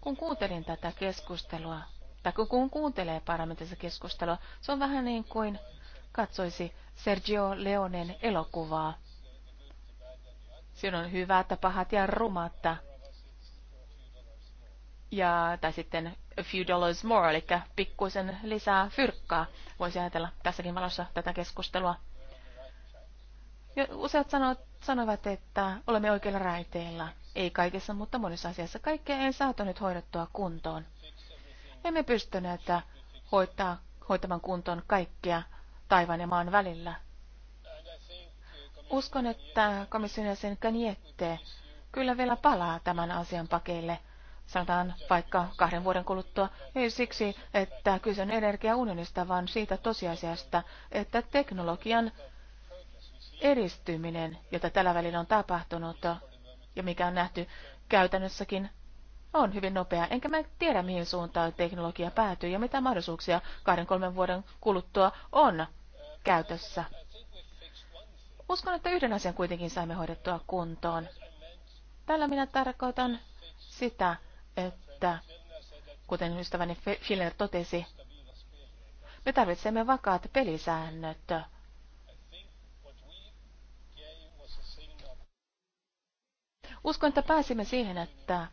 Kun kuuntelin tätä keskustelua, tai kun kuuntelee parlamentissa keskustelua, se on vähän niin kuin katsoisi Sergio Leonen elokuvaa. Siinä on hyvät, pahat ja rumatta. Ja, tai sitten a few dollars more, eli pikkuisen lisää fyrkkaa. Voisi ajatella tässäkin valossa tätä keskustelua. Ja useat sanovat, sanovat, että olemme oikeilla raiteilla. Ei kaikessa, mutta monessa asiassa kaikkea ei saatu nyt hoidettua kuntoon. Emme pystyneet hoitaa, hoitamaan kuntoon kaikkia taivaan ja maan välillä. Uskon, että komission jäsen Kaniette kyllä vielä palaa tämän asian pakeille, sanotaan vaikka kahden vuoden kuluttua, ei siksi, että kyse on energiaunionista, vaan siitä tosiasiasta, että teknologian edistyminen, jota tällä välillä on tapahtunut ja mikä on nähty käytännössäkin on hyvin nopea, enkä mä tiedä mihin suuntaan teknologia päätyy ja mitä mahdollisuuksia kahden kolmen vuoden kuluttua on käytössä. Uskon, että yhden asian kuitenkin saimme hoidettua kuntoon. Tällä minä tarkoitan sitä, että kuten ystäväni Schiller totesi, me tarvitsemme vakaat pelisäännöt. Uskon, että pääsimme siihen, että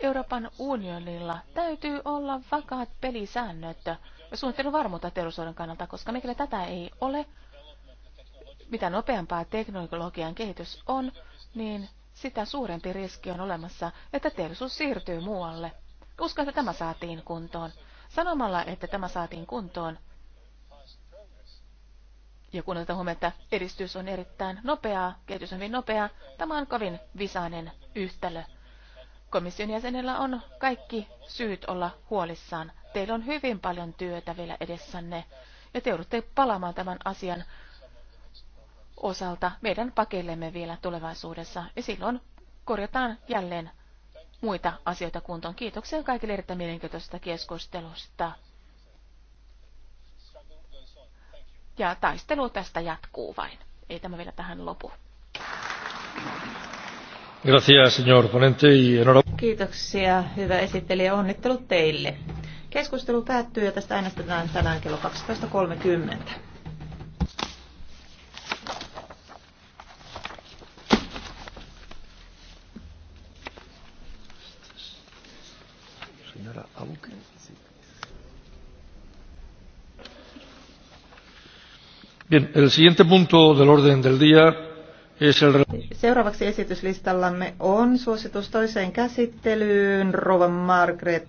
Euroopan unionilla täytyy olla vakaat pelisäännöt ja varmuutta teollisuuden kannalta, koska mikäli tätä ei ole, mitä nopeampaa teknologian kehitys on, niin sitä suurempi riski on olemassa, että teollisuus siirtyy muualle. Uskon, että tämä saatiin kuntoon. Sanomalla, että tämä saatiin kuntoon, ja kun otetaan huomioon, että edistys on erittäin nopeaa, kehitys on hyvin nopeaa, tämä on kovin visainen yhtälö. Komission jäsenellä on kaikki syyt olla huolissaan. Teillä on hyvin paljon työtä vielä edessänne ja te joudutte palaamaan tämän asian osalta meidän pakeillemme vielä tulevaisuudessa. Ja silloin korjataan jälleen muita asioita kuntoon. Kiitoksia kaikille erittäin mielenkiintoisesta keskustelusta. Ja taistelu tästä jatkuu vain. Ei tämä vielä tähän lopu. Kiitoksia, hyvä esittelijä. Onnittelut teille. Keskustelu päättyy ja tästä äänestetään tänään kello 12.30. Bien, el siguiente punto del orden del día Seuraavaksi esityslistallamme on suositus toiseen käsittelyyn Rova Margret